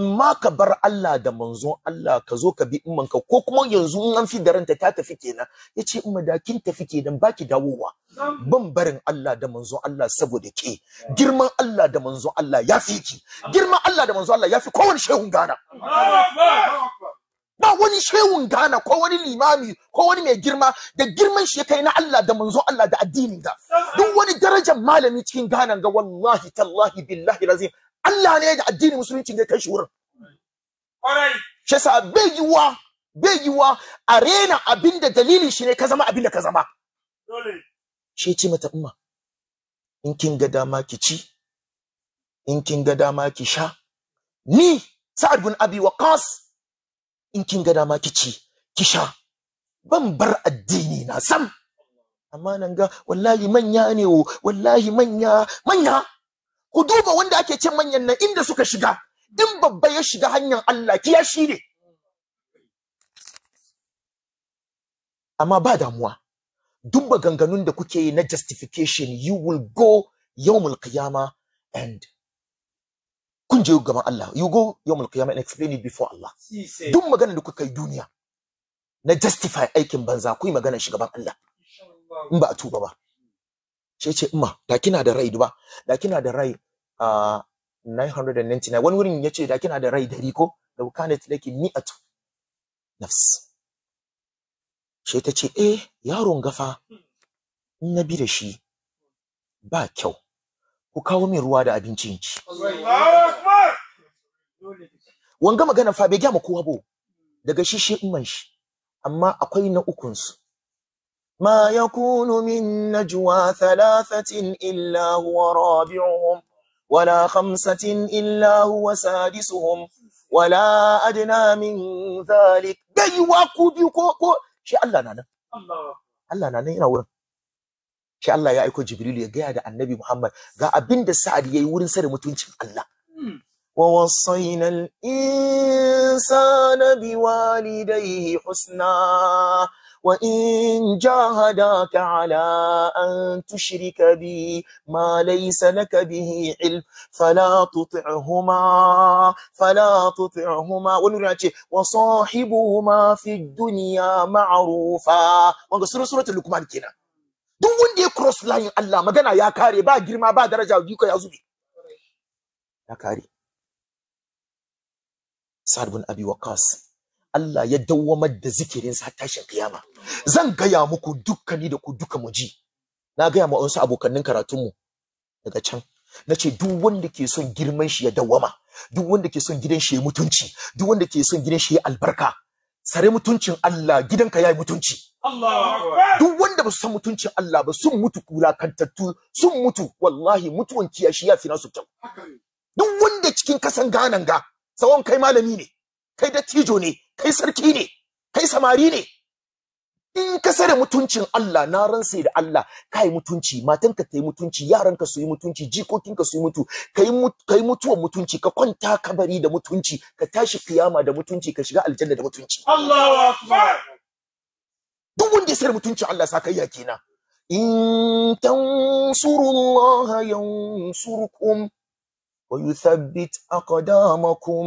in ma ka bar Allah da manzon Allah ka zo ka bi ka ko kuma yanzu in an fi da ranta ta tafi kenan yace da kin tafi kenan baki dawowa ban barin Allah da manzon Allah saboda ke girman Allah da manzon Allah ya fi ki girman Allah da manzon Allah ya fi kowani shehun gana ba wani shehun gana ko wani limami ko wani mai girma da girman shi kai na Allah da manzon Allah da addinin ga duk wani darajar malami cikin gana ga wallahi tallahi billahi lazim Allah ne da addinin musulunci ne kai shi wurin kwarai shi yasa bai yiwa bai yiwa a rena dalilin shi ne ka zama abin da ka zama dole shi ce mata umma in kin ga dama ki ci in kin ga dama ki sha ni sa'ad bin abi waqas in kin ga dama ki ci ki sha ban bar addini na sam amma nan ga wallahi manya ne wallahi manya manya ku duba wanda ake ce manyan nan inda suka shiga in babba ya shiga hanyar Allah kiya shi ne amma ba damuwa duk ganganun da kuke yi na justification you will go yawmul qiyama and kun je gaban Allah you go yawmul qiyama and explain it before Allah duk maganar da kuka yi duniya na justify aikin banza ku yi maganar shi gaban Allah in ba a tuba ba shi ce ma, da kina da rai duba da kina da rai a 999 wani wurin yace da kina da rai dari ko da kanat laki mi'atu nafs shi ta ce eh yaron gafa in na bi da shi ba kyau ku kawo min ruwa da in ci wanga magana fa bai gyama ma kowa bo daga shi shi umman shi amma akwai na ukunsu. ما يكون من نجوى ثلاثة إلا هو رابعهم ولا خمسة إلا هو سادسهم ولا أدنى من ذلك دي وكودي كوكو شي الله نانا الله الله نانا ينا ورن شي الله يا أيكو جبريل يا جاد النبي محمد غا أبين دا سعد يي ورن سر متونشن الله ووصينا الإنسان بوالديه حسنا وإن جاهداك على أن تشرك بي ما ليس لك به علم فلا تطعهما فلا تطعهما وصاحبهما في الدنيا معروفا wanga sura suratul lukman kenan duk wanda ya cross line Allah magana ya kare ba girma ba daraja duka ya zube ya kare Sa'ad bin Allah ya dawwamar da zikirin sa tashin kiyama zan gaya muku dukkani da ku duka mu ji na gaya mu wasu abokannin karatunmu daga can nace ce duk wanda ke son girman shi ya dawwama duk wanda ke son gidan shi ya mutunci duk wanda ke son gidan shi ya albarka sare mutuncin Allah gidanka yayi mutunci duk wanda ba su san mutuncin Allah ba sun mutu kulakantattu sun mutu wallahi mutuwan kiyashi ya fi nasu kyau duk wanda cikin kasan ganan ga tsawon kai malami ne kai dattijo ne kai sarki ne kai samari ne in ka sare mutuncin Allah na ran sai da Allah kai mutunci matanka ta yi mutunci yaranka su yi mutunci jikokinka su yi mutu kai mutuwa mutunci ka kwanta kabari da mutunci ka tashi kiyama da mutunci ka shiga aljanna da mutunci Allahu akbar duk wanda ya sare mutuncin Allah sakayya kenan in tansurullaha yansurkum wa yuthabbit aqdamakum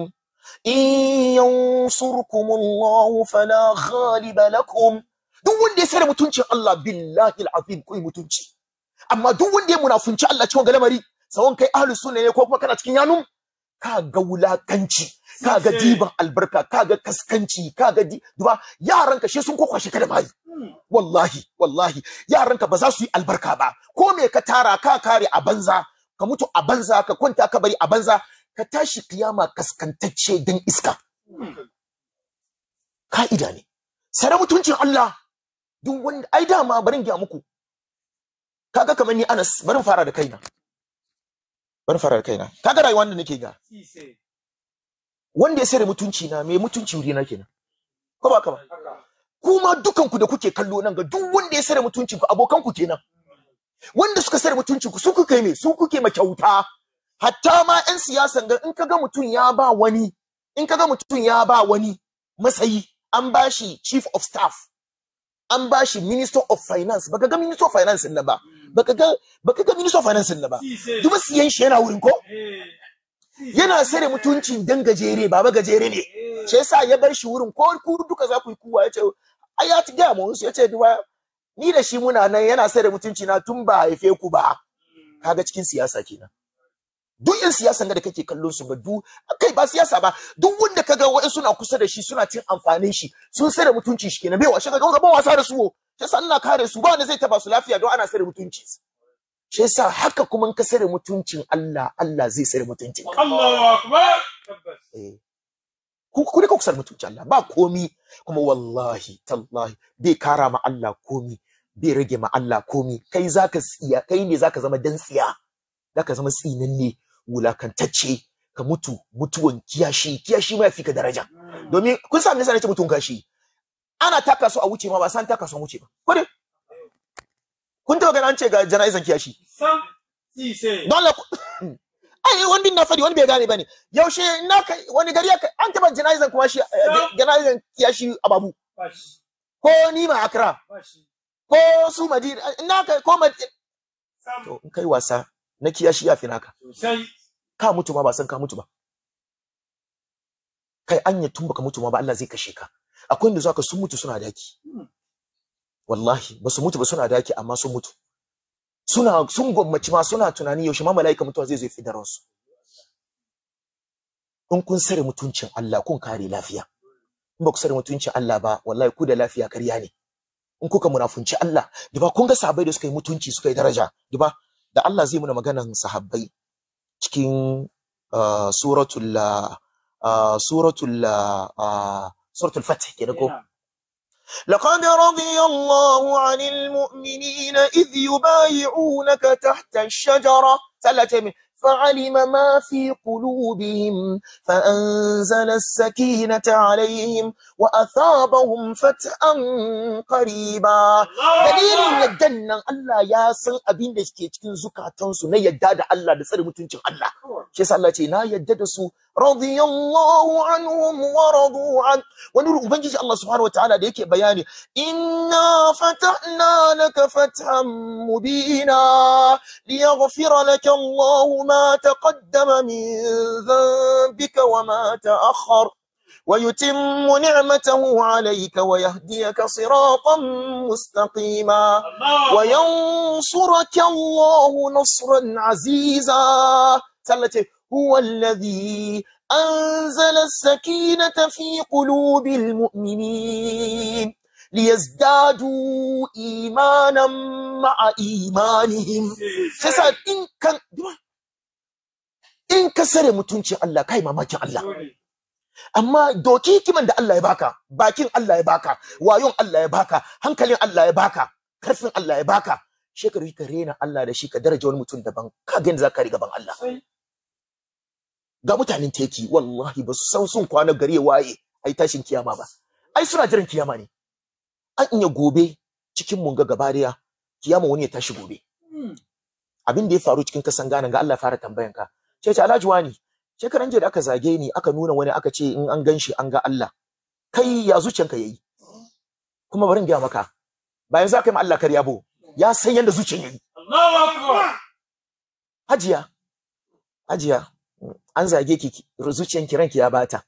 in yansurkumullahu fala ghaliba lakum duk wanda ya sare mutuncin Allah billahi alazim kai mutunci amma duk wanda ya munafunci Allah cikin galamari sawon kai ahlus sunna ne ko kuma kana cikin yanum ka ga wulakanci ka ga diban albarka ka ga kaskanci ka ga duba yaranka she sun kokwashe ka da bayi hmm. wallahi wallahi yaranka ba za su yi albarka ba ko me ka tara ka kare a banza ka mutu a banza ka kwanta ka bari a banza ka tashi kiyama kaskantacce dan iska ka'ida ne sare mutuncin Allah duk wanda ai dama barin giya muku kaga kamar ni Anas barin fara da kaina barin fara da kaina kaga rayuwar da nake ga wanda ya sare mutunci na me mutunci wuri na kenan ko ba ka ba kuma dukan ku da kuke kallo nan ga duk wanda ya sare mutuncin ku abokan ku kenan wanda suka sare mutuncin ku su kuke me su kuke makyauta hatta ma 'yan siyasan ga in kaga mutum ya ba wani in kaga mutum ya ba wani matsayi an ba shi chief of staff an ba shi minister of finance baka ga minister of finance din ba baka ga baka ga minister of finance din ba duk siyan shi yana wurin ko yana sare mutuncin dan gajere baba gajere ne shi yasa ya bar shi wurin ko ku duka za ku yi kuwa yace ai ya ti ga mu yace duwa ni da shi muna nan yana sare mutunci na tun ba haife ku ba kaga cikin siyasa kenan duk yan siyasan da kake kallon su ba du kai ba siyasa ba duk wanda kaga wa'in suna kusa da shi suna cin amfani shi sun sai da mutunci shi kenan bai washe kaga ba wasa da su shi yasa ina kare su ba wanda zai taba su lafiya don ana sare mutunci shi yasa haka kuma ka sare mutuncin Allah Allah zai sare mutuncin ka Allahu akbar tabbas eh. ku mutuncin Allah ba komi kuma wallahi tallahi bai kara ma Allah komi bai rage ma Allah komi kai zaka tsiya kai ne zaka zama dan tsiya zaka zama tsinanne wulakantacce ka mutu mutuwan kiyashi kiyashi ma yafi ka daraja domin kun sa me nace mutuwan kashi ana taka su a wuce ma ba san taka su wuce ba ko dai kun ta gani an ce ga jana'izan kiyashi san si sai don ai wani na fadi wani bai gane bane yaushe na wani gari an taba jana'izan kuma shi eh, jana'izan kiyashi a babu ko ni ma akra ko su madina na ko madina to in kai wasa na kiyashi ya fi naka ka mutu ma ba san ka mutu ba kai anya tun baka mutu ma ba Allah zai kashe ka akwai inda zaka sun mutu suna daki hmm. wallahi ba su mutu ba suna daki amma sun mutu suna sun gwammaci ma suna tunani yaushe ma mala'ika mutuwa zai zo fi daren su in kun sare mutuncin Allah kun kare lafiya in ba ku sare mutuncin Allah ba wallahi ku da lafiya karya ne in kuka munafunci Allah duba kun ga sabai da suka yi mutunci suka yi daraja duba da Allah zai muna maganan sahabbai cikin ah, suratul ah, suratul ah, suratul fath kenan ko لقد رضي الله عن المؤمنين إذ يبايعونك تحت الشجرة فعلم ما في قلوبهم فأنزل السكينة عليهم وأثابهم فتحا قريبا دليل يدنا Allah ya san أبين da ke cikin zukatansu na yadda da Allah da tsare mutuncin Allah shi yasa ce na yadda da su رضي الله عنهم ورضوا عن ونور أبنجي الله سبحانه وتعالى ليك بياني إنا فتحنا لك فتحا مبينا ليغفر لك الله ما تقدم من ذنبك وما تأخر ويتم نعمته عليك ويهديك صراطا مستقيما وينصرك الله نصرا عزيزا هو الذي أنزل السكينة في قلوب المؤمنين ليزدادوا إيمانا مع إيمانهم sai in in ka sare mutuncin Allah kai mamakin Allah amma doki kiman da Allah ya baka bakin Allah ya baka wayon Allah ya baka hankalin Allah ya baka karfin Allah ya baka shekaru ka rena Allah da shi ka daraja wani mutum daban ka ga za ka riga ban Allah ga mutanen teki wallahi ba su san sun kwana gare waye ai tashin kiyama ba ai suna jiran kiyama ne an iya gobe cikin mun ga gabariya kiyama wani ya tashi gobe abin da ya faru cikin kasan gana ga Allah fara tambayan ka ce ce Alhaji wani shekaran jiya da aka zage ni aka nuna wani aka ce in an ganshi an ga Allah kai ya zuciyanka yayi kuma bari in gaya maka bayan za ka yi ma Allah kariya bo ya san yanda zuciyan yayi Allahu akbar hajiya hajiya an zage ki zuciyan ki ranki ya bata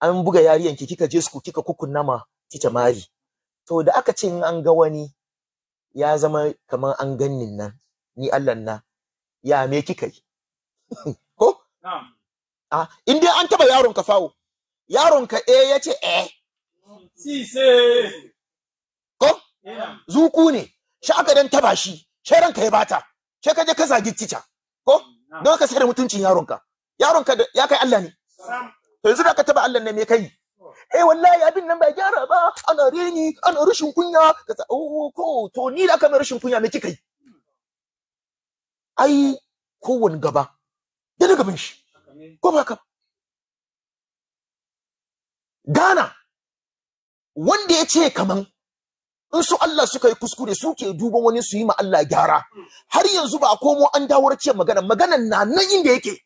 an buga yariyan ki kika je su kika kukunna ma ta mari to da aka ce in an ga wani ya zama kamar an gannin nan ni Allah na ya me kika yi ko na'am a in dai an taba yaron ka fawo yaron ka eh yace eh si se ko zuku ne shi aka dan taba shi shi ranka ya bata shi ka je ka zagi tica ko don ka sai da mutuncin yaron ka yaron ka ya kai Allah ne to yanzu da ka taba Allah ne me kai eh wallahi abin nan ba gyara ba ana reni ana rashin kunya oh ko to ni da aka mai rashin kunya me kika yi ai wani gaba da na gaban shi ko ba ka Ghana wanda ya ce kaman in su Allah suka yi kuskure suke duban wani su yi ma Allah gyara hmm. har yanzu ba a komo an dawo magana maganan na nan inda yake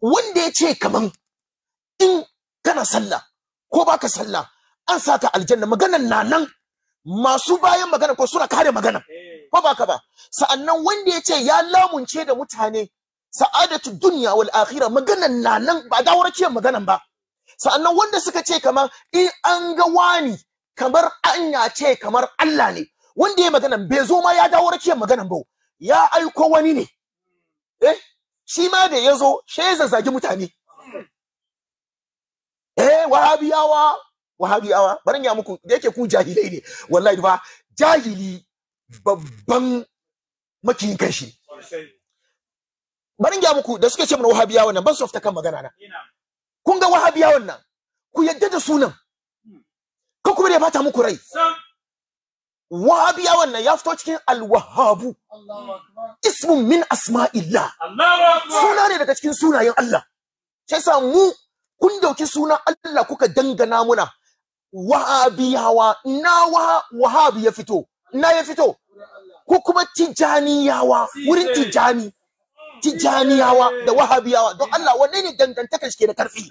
wanda ya ce kaman in kana sallah ko baka sallah an sa aljanna maganan na masu bayan magana ko suna kare magana ko baka ba sa'annan wanda ya ce ya lamunce da mutane sa'adatu dunya wal akhirah maganan nanan ba dawo rakiyar maganan ba sa'annan wanda suka ce kaman in an ga wani kamar anya ce kamar Allah ne wanda ya maganan bai zo ma ya dawo rakiyar maganan ba ya aiko wani ne eh shi ma da ya zo shi ya zazzagi mutane eh wahabiyawa wahabiyawa bari ya muku da yake ku jahilai ne wallahi ba jahili babban makiyin kanshi bari ya muku da suke ce mana wahabiyawan nan ban su kan magana na kun ga wahabiyawan nan ku yadda da sunan ko kuma da ya bata muku rai wahabiya wannan ya fito cikin alwahabu ismun min asma'illa suna ne daga cikin sunayen Allah sai sa mu kun dauki sunan Allah kuka dangana muna wahabiyawa na wahabi ya fito na ya fito ko kuma tijaniyawa wurin tijani tijaniyawa da wahabiyawa don Allah wanne ne dangantaka shi ke da karfi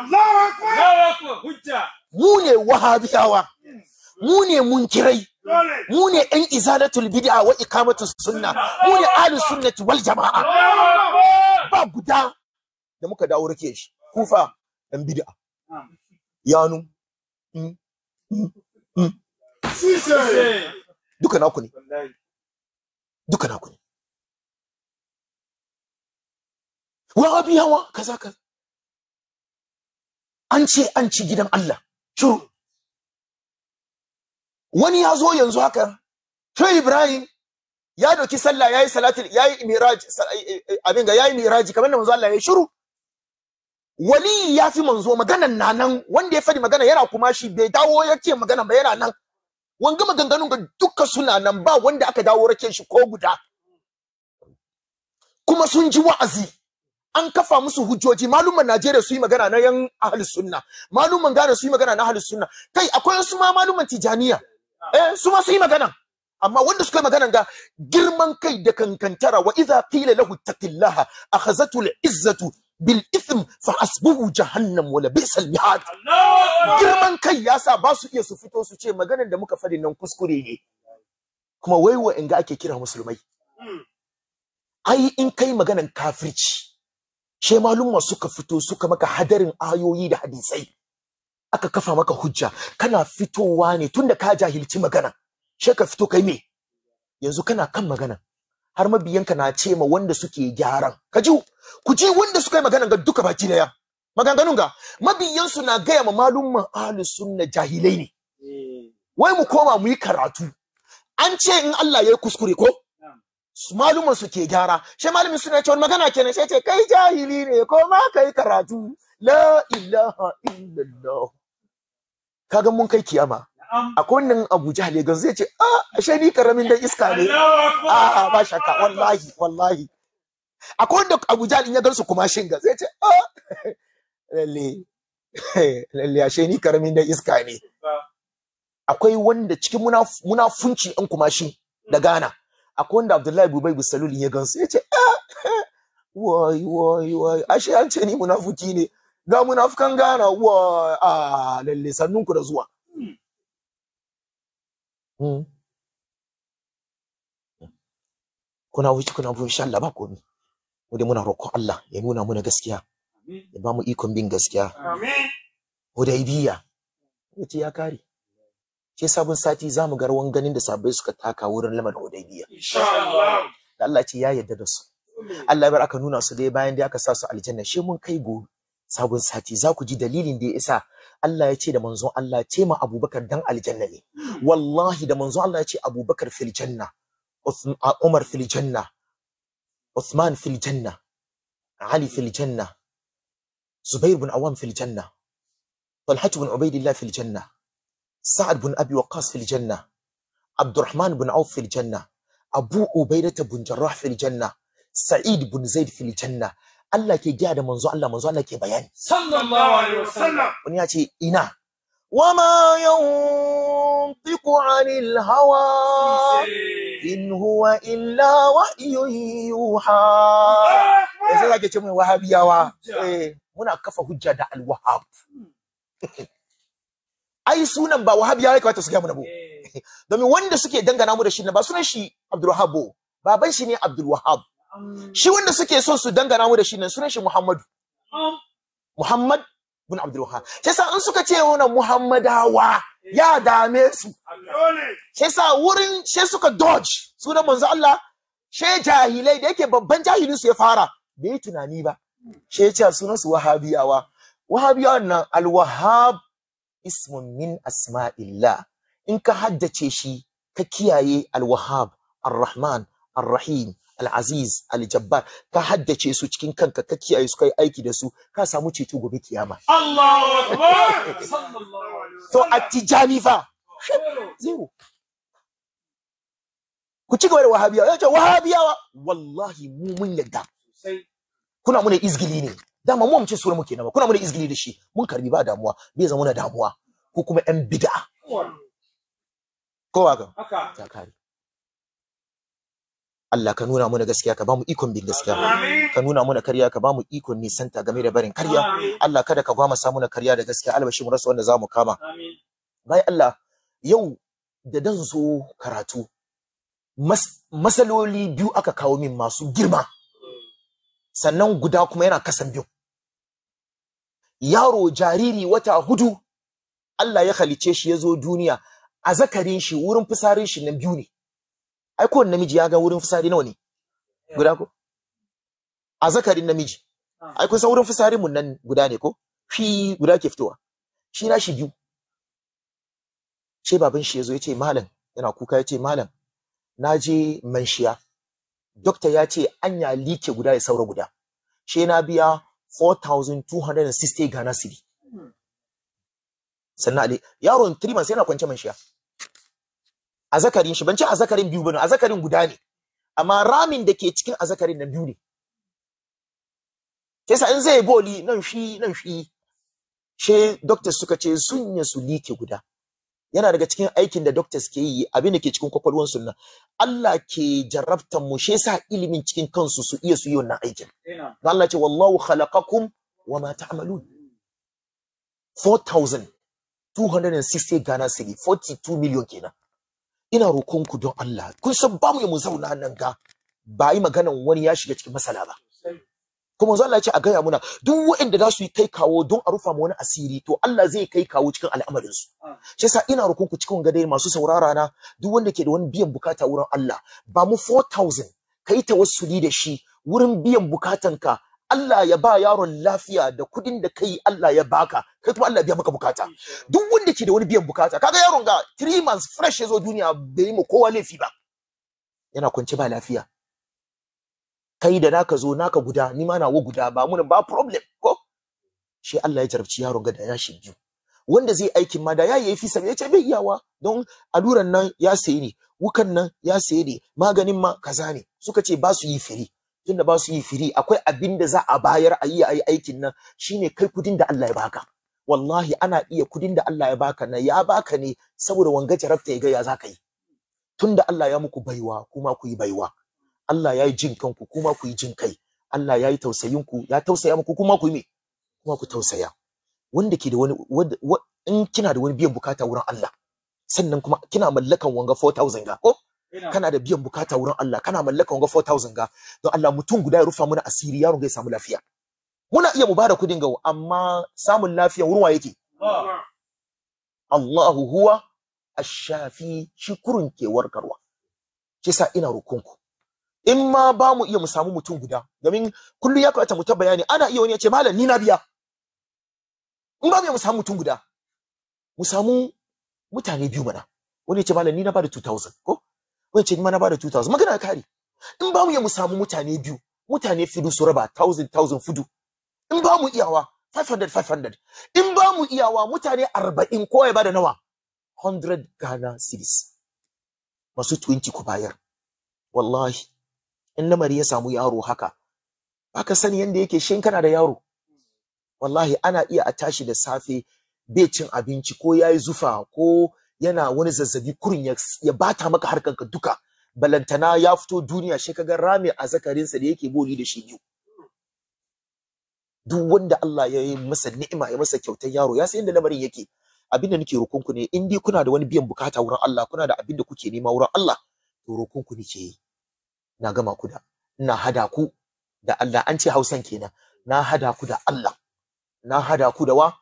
Allahu akbar Allahu hujja mu ne wahabiyawa mu ne munkirai mu ne ɗan izalatul bid'a wa ikamatus sunna mu ne ahlus sunnati wal jama'a ba guda da muka dawo rike shi kufa ɗan bid'a yanu mm, mm, mm. duka naku ne duka naku ne hawa kaza kaza an ce an ci gidan Allah shiru wani ya zo yanzu haka shi ibrahim ya doki sallah yayi salatul yayi miraj eh, eh, eh, abin ga yayi miraji kamar manzo Allah yayi shiru wali ya fi manzo maganan na wanda ya fadi magana yana kuma shi bai dawo ya magana ba yana nan wanga maganganun ga duka suna nan ba wanda aka dawo rake shi ko guda kuma sun ji wa'azi an kafa musu hujjoji maluman Najeriya su yi magana na yan ahlus sunna maluman Ghana su yi magana na ahlus sunna kai akwai wasu ma maluman Tijaniya eh su ma su yi magana amma wanda suka yi magana ga girman kai da kankantara wa idza qila lahu taqillaha akhazatu al-izzatu bil ithm fa hasbuhu jahannam wala bi'sal mihad girman kai yasa ba su iya su fito su ce maganar da muka fadi nan kuskure ne kuma wai wa inga ake kira musulmai ai in kai maganan kafirci she malumma suka fito suka maka hadarin ayoyi da hadisai aka kafa maka hujja kana fitowa ne tunda ka jahilci magana she ka fito kai me yanzu kana kan magana har mabiyanka na ce ma wanda suke gyaran ka ji ku ji wanda suka yi magana ga duka baki daya maganganun ga mabiyansu na gaya ma malumman ahli sunna jahilai ne wai mu koma mu yi karatu an ce in Allah ya yi kuskure ko malumman su ke gyara she malumin suna ce wani magana kenan she ce kai jahili ne ko ma kai karatu la ilaha illallah kaga mun kai kiyama akwai wannan Abu Jahl ya ganzu ya ce a ah, ashe ni karamin dan iska ne a a ba shakka wallahi wallahi akwai wanda Abu in ya gansu kuma shin ga zai ce a ah, lalle lalle ashe ni karamin dan iska ne akwai wanda cikin munafunci in kuma shi da Ghana akwai wanda Abdullahi Bubai Bisalul ya gansu ya ce a ah, wai wai wai ashe an ce ni munafuki ne ga munafukan gana wa a lalle sannunku da zuwa hmm. kuna wuce kuna bu insha Allah ba komai mu muna roƙon Allah ya nuna muna gaskiya ya ba mu ikon bin gaskiya amin hudaybiya yace ya kare ce sabon sati zamu ga rawar ganin da sabai suka taka wurin lamar wadda insha Allah Allah ce ya yarda da su Allah ya bar aka nuna su dai bayan da aka sasu aljanna shi mun kai gobe sabon sati za ku ji dalilin da ya isa Allah ya ce da manzon Allah ce ma Abubakar dan aljanna ne wallahi da manzon Allah ya ce Abubakar fil janna Umar fil janna Usman fil janna Ali fil janna Zubair bin Awam fil janna Talhat bin Ubaidillah fil janna Sa'ad bin Abi Waqqas fil janna Abdurrahman bin Auf fil janna Abu Ubaidah bin Jarrah fil janna Sa'id bin Zaid fil janna Allah ke giya da manzo Allah manzo Allah ke bayani sallallahu alaihi wasallam wani ya ce ina Wa ma yantiqu anil hawa in huwa illa wahyun yuha sai zake ce mai wahabiyawa eh muna kafa hujja da al-wahhab ai sunan ba wahabiyawa ya kamata su ga mu nabo domin wanda suke dangana mu da shi na ba sunan shi abdulwahab baban shi ne Abdul Um, shi wanda suke so su dangana mu da shi nan sunan shi Muhammadu um, Muhammad bin Abdul Wahhab sai sa in suka ce wannan Muhammadawa ya dame su sai sa wurin sai suka dodge sunan manzo Allah sai jahilai da yake babban jahilin su ya fara bai yi tunani ba sai ya ce sunan su Wahabiyawa Wahabiyawan nan Al-Wahhab ismun min asma'illah in ka haddace shi ka kiyaye Al-Wahhab Ar-Rahman Ar-Rahim Al'aziz, al'jabbar ka haddace su cikin kanka ka kiyaye su kai aiki da su ka samu ceto gobe kiyama so a tijani fa zero ku ci gaba da ce yace wahabiyawa wallahi mu mun yadda kuna muna izgili ne dama mu amince sura muke nawa kuna muna izgili da shi mun karbi ba damuwa bai zama na damuwa ko kuma yan bid'a ko ba ta kare. Allah ka nuna mana gaskiya ka bamu ikon bin gaskiya ka nuna mana karya ka bamu ikon nisanta game da barin karya Allah kada ka gwama samu na karya da gaskiya albashi mu rasa wanda zamu kama bai Allah yau da dan zo karatu masaloli biyu aka kawo min masu girma sannan guda kuma yana kasan biyu yaro jariri wata hudu Allah ya halice shi ya zo duniya a zakarin shi wurin fisarin shi nan biyu ne ai kowane namiji ya ga wurin fisari nawa ne guda ko a zakarin namiji ah. ai kun san wurin fisarin mun nan guda ne ko fi guda ke fitowa shi na shi biyu she baban shi yazo yace malam yana kuka yace malam na je manshiya dokta ya ce anya like guda ya saura guda she na biya 4260 Ghana cedi hmm. sannan ali yaron 3 months yana kwance manshiya azakarin shi ban ce azakarin biyu bane azakarin guda ne amma ramin da ke cikin azakarin nan biyu ne kesa in zai boli nan shi nan shi she doctors suka ce sunya su like guda yana daga cikin aikin da doctors ke yi abin da ke cikin kwakwalwar sunna Allah ke jarrabtan mu she sa ilimin cikin kansu su iya su yi wannan aikin Allah ce wallahu khalaqakum wama ta'malun 4260 Ghana cedi 42 million kenan ina rokonku don Allah kun san ba mu zauna nan ga ba yi maganan wani ya shiga cikin masala ba kuma manzo Allah ya ce a gaya muna duk waɗanda za su yi kai kawo don a rufa mu wani asiri to Allah zai kai kawo cikin al'amarin su shi yasa ina rokonku cikin gadai masu saurara na duk wanda ke da wani biyan bukata wurin Allah ba mu 4000 kai tawassuli da shi wurin biyan bukatanka Allah ya ba yaron lafiya da kudin da kai Allah ya baka kai kuma Allah ya biya maka bukata duk wanda ke da wani biyan bukata kaga yaron ga 3 months fresh yazo duniya bai mu kowa laifi ba yana kwance ba lafiya kai da naka zo naka guda ni ma nawa guda ba mun ba problem ko shi Allah ya jarabci yaron ga da ya shi biyu wanda zai aikin ma da ya yi fisa ya ce bai iyawa don aluran nan ya sayi ne wukan nan ya sayi ne maganin ma kaza ne suka ce ba su yi firi tunda ba su yi firi akwai abin da za a bayar a yi a yi aikin nan shine kai kudin da Allah ya baka wallahi ana iya kudin da Allah ya baka na ya baka ne saboda wanga jarabta ya ga ya zaka yi tunda Allah ya muku baiwa kuma ku yi baiwa Allah ya yi jin kanku kuma ku yi jin kai Allah ya yi tausayin ku ya tausaya muku kuma ku yi me kuma ku tausaya wanda ke da wani in kina da wani biyan bukata wurin Allah sannan kuma kina mallakan wanga 4000 ga ko kana da biyan bukata wurin Allah kana mallaka wanga 4000 ga don Allah mutum guda ya rufa mana asiri yaron ya samu lafiya muna iya mu bada kudin gawo amma samun lafiya wurin wa yake Allahu huwa ash-shafi shi kurun ke warkarwa sa ina rukunku in ma ba mu iya mu samu mutum guda domin kullu ya kwata mu ta bayani ana iya wani ya ce malam ni na biya in ba mu iya mu samu mutum guda mu samu mutane biyu mana wani ya ce malam ni na ba da 2000 ko wai ce ni ma na bada 2000 magana ya kare in ba mu ya mu samu mutane biyu mutane fudu su raba 1000 1000 fudu in ba mu iyawa 500 500 in ba mu iyawa mutane 40 ko ya bada nawa 100 Ghana cedis masu 20 ku bayar wallahi in lamari ya samu yaro haka baka sani yanda yake shin kana da yaro wallahi ana iya a tashi da safe bai cin abinci ko yayi zufa ko yana wani zazzabi kurin ya bata maka harkanka duka balantana ya fito duniya shi kaga rami a zakarinsa da yake boli da shi biyu duk wanda Allah ya yi masa ni'ima ya masa kyautar yaro ya san inda lamarin yake abinda nake rokonku ne in dai kuna da wani biyan bukata wurin Allah kuna da abinda kuke nema wurin Allah to rokonku nake yi na gama ku da ina hada ku da Allah an ce Hausan kenan na hada ku da Allah na hada ku da wa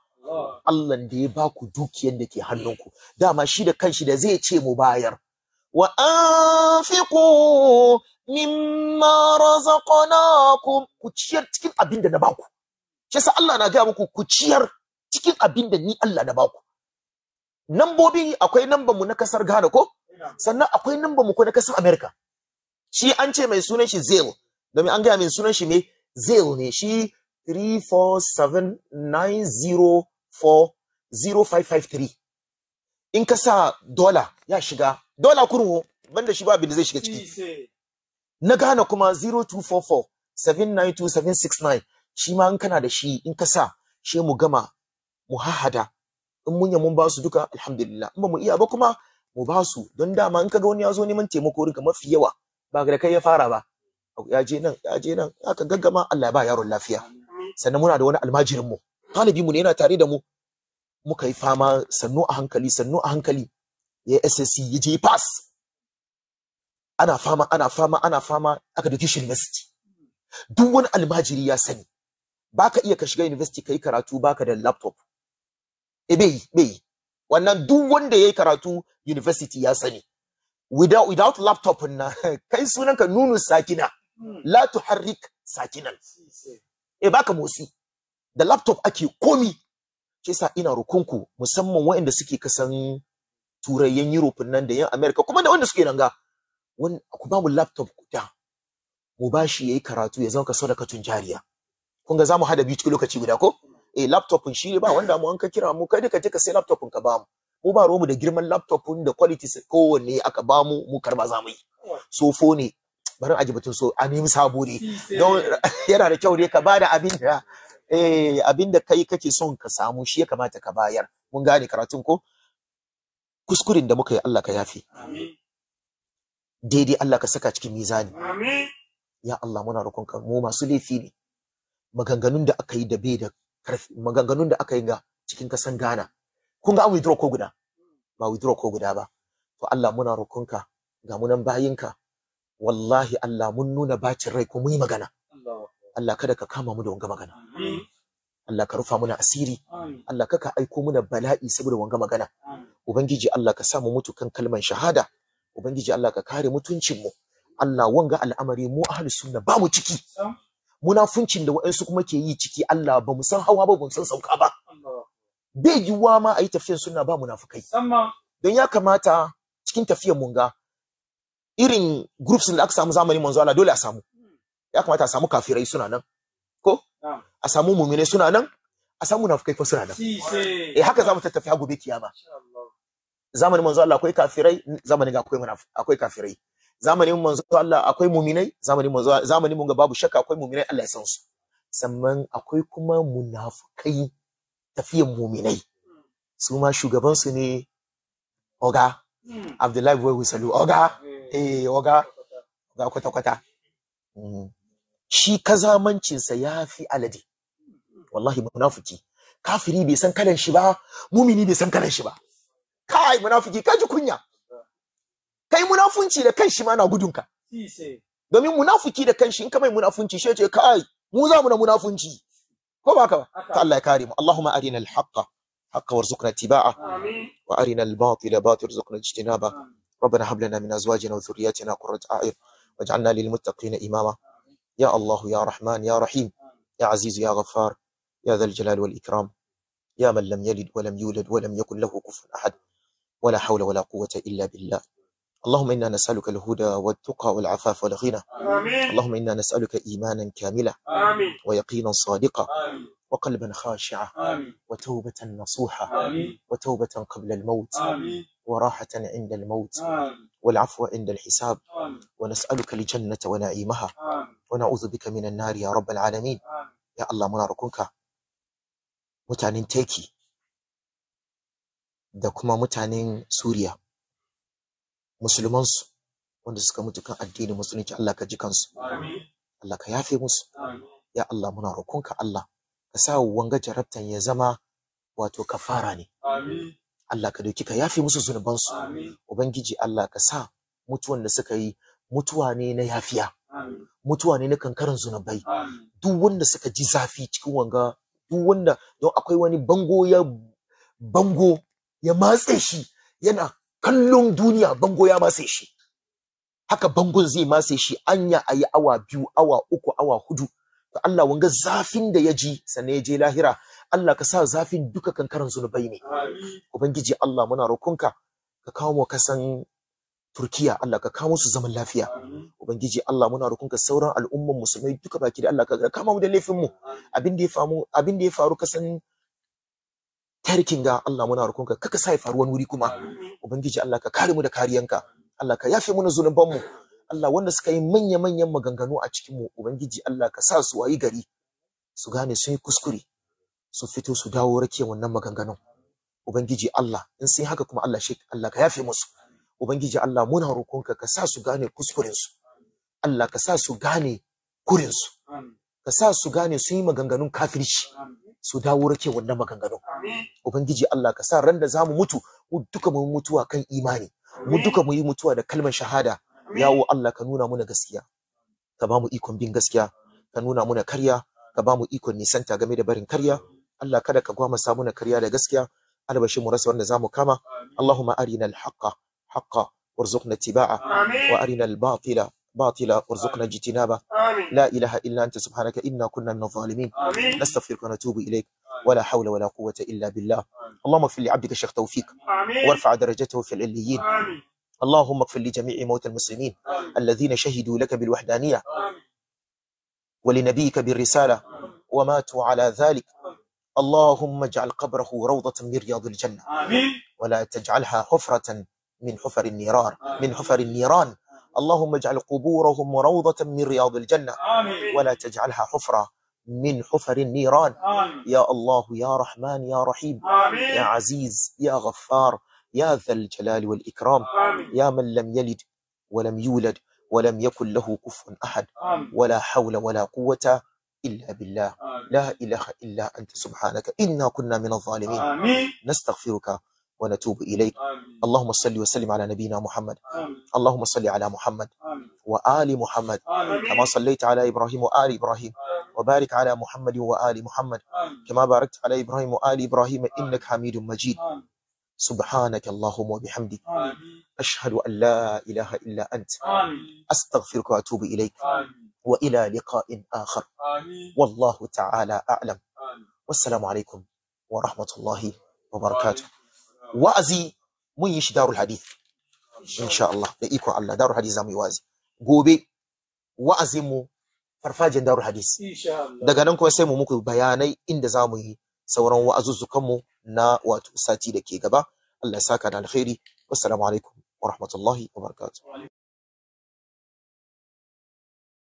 Allah da ya baku dukiyar da ke hannunku dama shi da kanshi da zai ce mu bayar wa anfiqu mimma razaqnakum ku ciyar cikin abin da na baku shi yasa Allah na ga muku ku ciyar cikin abin da ni Allah na baku nambobi akwai namban mu na kasar Ghana ko sannan akwai namban mu ko na kasar America shi an ce mai sunan shi Zeal domin an gaya mai sunan shi me Zeal ne shi 34790 0553 in ka sa dola ya shiga dola kurwo banda shi ba da zai shiga ciki na gane kuma 0244 792 shi ma in kana da shi in ka sa shi mu gama mu hahada in mun mun ba su duka alhamdulillah in ba mu iya ba kuma mu ba su don dama in ga wani ya zo neman taimako rinka mafi yawa ba ga kai ya fara ba ya je nan ya je nan aka gaggama Allah ya ba yaron lafiya sannan muna da wani almajirin mu mu ne yana tare da mu muka yi fama sannu a hankali sannu a hankali ya SSC ya je pass ana fama ana fama ana fama aka dauke shi university duk wani almajiri ya sani baka iya ka shiga university kai karatu baka da laptop e bai bai wannan duk wanda yayi karatu university ya sani without without laptop na kai sunanka nunu sakina hmm. la tuharrik sakinan e eh, baka motsi da laptop ake komi shi yasa ina ku. musamman waɗanda suke kasan turayen Europe nan da yan America kuma da wanda suke nan ga ku ba mu laptop da mu ba shi yayi karatu ya zama ka tun jariya kun ga zamu hada biyu cikin lokaci guda ko eh din shi ne ba wanda mu an ka kira mu kai duka je ka sai laptop ka ba mu mu ba mu da girman laptop da quality kowanne aka ba mu mu karba za mu yi sofo ne bari aji batun so a nemi sabo ne don yana da kyau ne ka bada abin da eh abinda kai kake son ka samu shi ya kamata ka bayar mun gane karatun ko kuskurin da muka yi Allah ka yafe daidai Allah ka saka cikin mizani ya Allah muna ka, mu masu laifi ne maganganun da aka yi da bai da karfi maganganun da aka yi ga cikin kasan Ghana kun ga an withdraw ko guda ba withdraw ko guda ba to Allah muna ka, ga munan bayinka wallahi Allah mun nuna bacin rai ko mun yi magana Allah kada ka kama mu da wanga magana Allah ka rufa muna asiri Allah ka aiko muna bala'i saboda wanga magana ubangiji Allah ka samu mutu kan kalman shahada ubangiji Allah ka kare mutuncin mu Allah wanga al'amari mu ahlus sunna ba mu ciki munafuncin da waɗansu kuma ke yi ciki Allah ba mu san hawa ba ba mu san sauka ba bai jiwa ma ayi tafiyan sunna ba munafukai don ya kamata cikin tafiyan munga irin groups da aka samu zamanin manzo Allah dole a samu ya kamata a samu kafirai suna nan ko a samu mumine suna nan a samu nafukai fa suna nan eh haka zamu tattafi har gobe kiyama zamanin manzo Allah akwai kafirai zamanin ga akwai akwai kafirai zamanin manzo Allah akwai muminai zamanin manzo zamanin mun ga babu shakka akwai muminai Allah ya san su sannan akwai kuma munafukai tafiyan muminai su ma shugaban su ne oga hmm. Abdullahi wa Wisalu oga eh, eh oga ga kwata kwata hmm. shi kazamancinsa ya fi alade wallahi munafiki kafiri bai san kalan shi ba mumini bai san kalan shi ba kai munafiki ka ji kunya kai munafunci da kanshi ma na gudunka domin munafiki da kanshi in ka mai munafunci shi ce kai mu za mu na munafunci ko ba ka ba ta Allah ya kare mu Allahumma arina al-haqqa haqqa warzuqna tibaa wa arina al-batila batil warzuqna ijtinaba ربنا هب لنا من ازواجنا وذرياتنا قرة اعين واجعلنا للمتقين اماما يا الله يا رحمن يا رحيم يا عزيز يا غفار يا ذا الجلال والإكرام يا من لم يلد ولم يولد ولم يكن له كفوا أحد ولا حول ولا قوة إلا بالله اللهم إنا نسألك الهدى والتقى والعفاف والغنى آمين. اللهم إنا نسألك إيمانا كاملا آمين. ويقينا صادقا آمين. وقلبا خاشعا آمين. وتوبة نصوحة آمين. وتوبة قبل الموت آمين. وراحة عند الموت آمين. والعفو عند الحساب آمين. ونسألك الجنة ونعيمها آمين. wa na'udhu bika minan nari ya rabbal alamin ya Allah muna roƙonka mutanen Turkey da kuma mutanen Suriya musulmansu wanda suka mutu kan addinin musulunci Allah ka ji kansu Allah ka yafe musu ya Allah muna roƙonka Allah ka sa wanga jarabtan ya zama wato kafara ne Allah ka dauki ka yafe musu zunubansu ubangiji Allah ka sa mutuwan da suka yi mutuwa ne na yafiya mutuwa ne na kankaran zunubai duk wanda suka ji zafi cikin wanga duk wanda don akwai wani bango ya bango ya matse shi yana kallon duniya bango ya matse shi haka bangon zai matse shi anya ayi awa biyu awa uku awa hudu to Allah wanga zafin da ya ji sannan ya je lahira Allah ka sa zafin duka kankaran zunubai ne ubangiji Allah muna rokonka ka kawo mu kasan Turkiya Allah ka kawo su zaman lafiya ubangiji Allah muna ka sauran al'umman musulmai duka baki da Allah ka kama mu da laifin mu abin da ya faru abin da ya faru ka san tarkin ga Allah muna ka kaka sai faruwan wuri kuma ubangiji Allah ka kare mu da kariyanka Allah ka yafe mana zunuban mu Allah wanda suka yi manya manyan maganganu a cikin mu ubangiji Allah ka sa su wayi gari su gane sun yi kuskure su fito su dawo rake wannan maganganun ubangiji Allah in sun haka kuma Allah shi Allah ka yafe musu ubangiji Allah muna roƙonka ka sa su gane kuskuren su Allah ka sa su gane kurin su ka sa su gane sun yi maganganun kafirci su dawo rake wannan maganganun ubangiji Allah ka sa ran da zamu mutu mu duka mu mutuwa kan imani mu duka mu yi mutuwa da kalmar shahada yawo Allah ka nuna muna gaskiya ka ba mu ikon bin gaskiya ka nuna muna karya ka ba mu ikon nisanta game da barin karya Allah kada ka gwama samu muna karya da gaskiya albashin mu rasa wanda zamu kama Allahumma arina al-haqqa الحق وارزقنا اتباعه آمين. وأرنا الباطل باطلا وارزقنا اجتنابه لا إله إلا أنت سبحانك إنا كنا من الظالمين آمين. نستغفرك ونتوب إليك ولا حول ولا قوة إلا بالله اللهم اغفر لعبدك الشيخ توفيق آمين. وارفع درجته في العليين آمين. اللهم اغفر لجميع موتى المسلمين الذين شهدوا لك بالوحدانية آمين. ولنبيك بالرسالة وماتوا على ذلك اللهم اجعل قبره روضة من رياض الجنة آمين. ولا تجعلها حفرة من حفر النيران من حفر النيران اللهم اجعل قبورهم روضة من رياض الجنة ولا تجعلها حفرة من حفر النيران يا الله يا رحمن يا رحيم يا عزيز يا غفار يا ذا الجلال والإكرام يا من لم يلد ولم يولد ولم يكن له كفوا أحد ولا حول ولا قوة إلا بالله لا إله إلا أنت سبحانك إنا كنا من الظالمين نستغفرك ونتوب إليك آمين. اللهم صل وسلم على نبينا محمد آمين. اللهم صل على محمد آمين. وآل محمد آمين. كما صليت على إبراهيم وآل إبراهيم وبارك على محمد وآل محمد آمين. كما باركت على إبراهيم وآل إبراهيم إنك حميد مجيد آمين. سبحانك اللهم وبحمدك آمين. أشهد أن لا إله إلا أنت آمين. أستغفرك وأتوب إليك آمين. وإلى لقاء آخر آمين. والله تعالى أعلم آمين. والسلام عليكم ورحمة الله وبركاته wa'azi mun yi shi darul hadith insha Allah da iko Allah darul hadith zamu yi wa'azi gobe wa'azin mu farfajin darul hadith daga nan kuma sai mu muku bayanai inda zamu yi sauran wa'azuzzukan mu na wato sati da ke gaba Allah ya saka da alkhairi wassalamu alaikum wa rahmatullahi wa barakatuh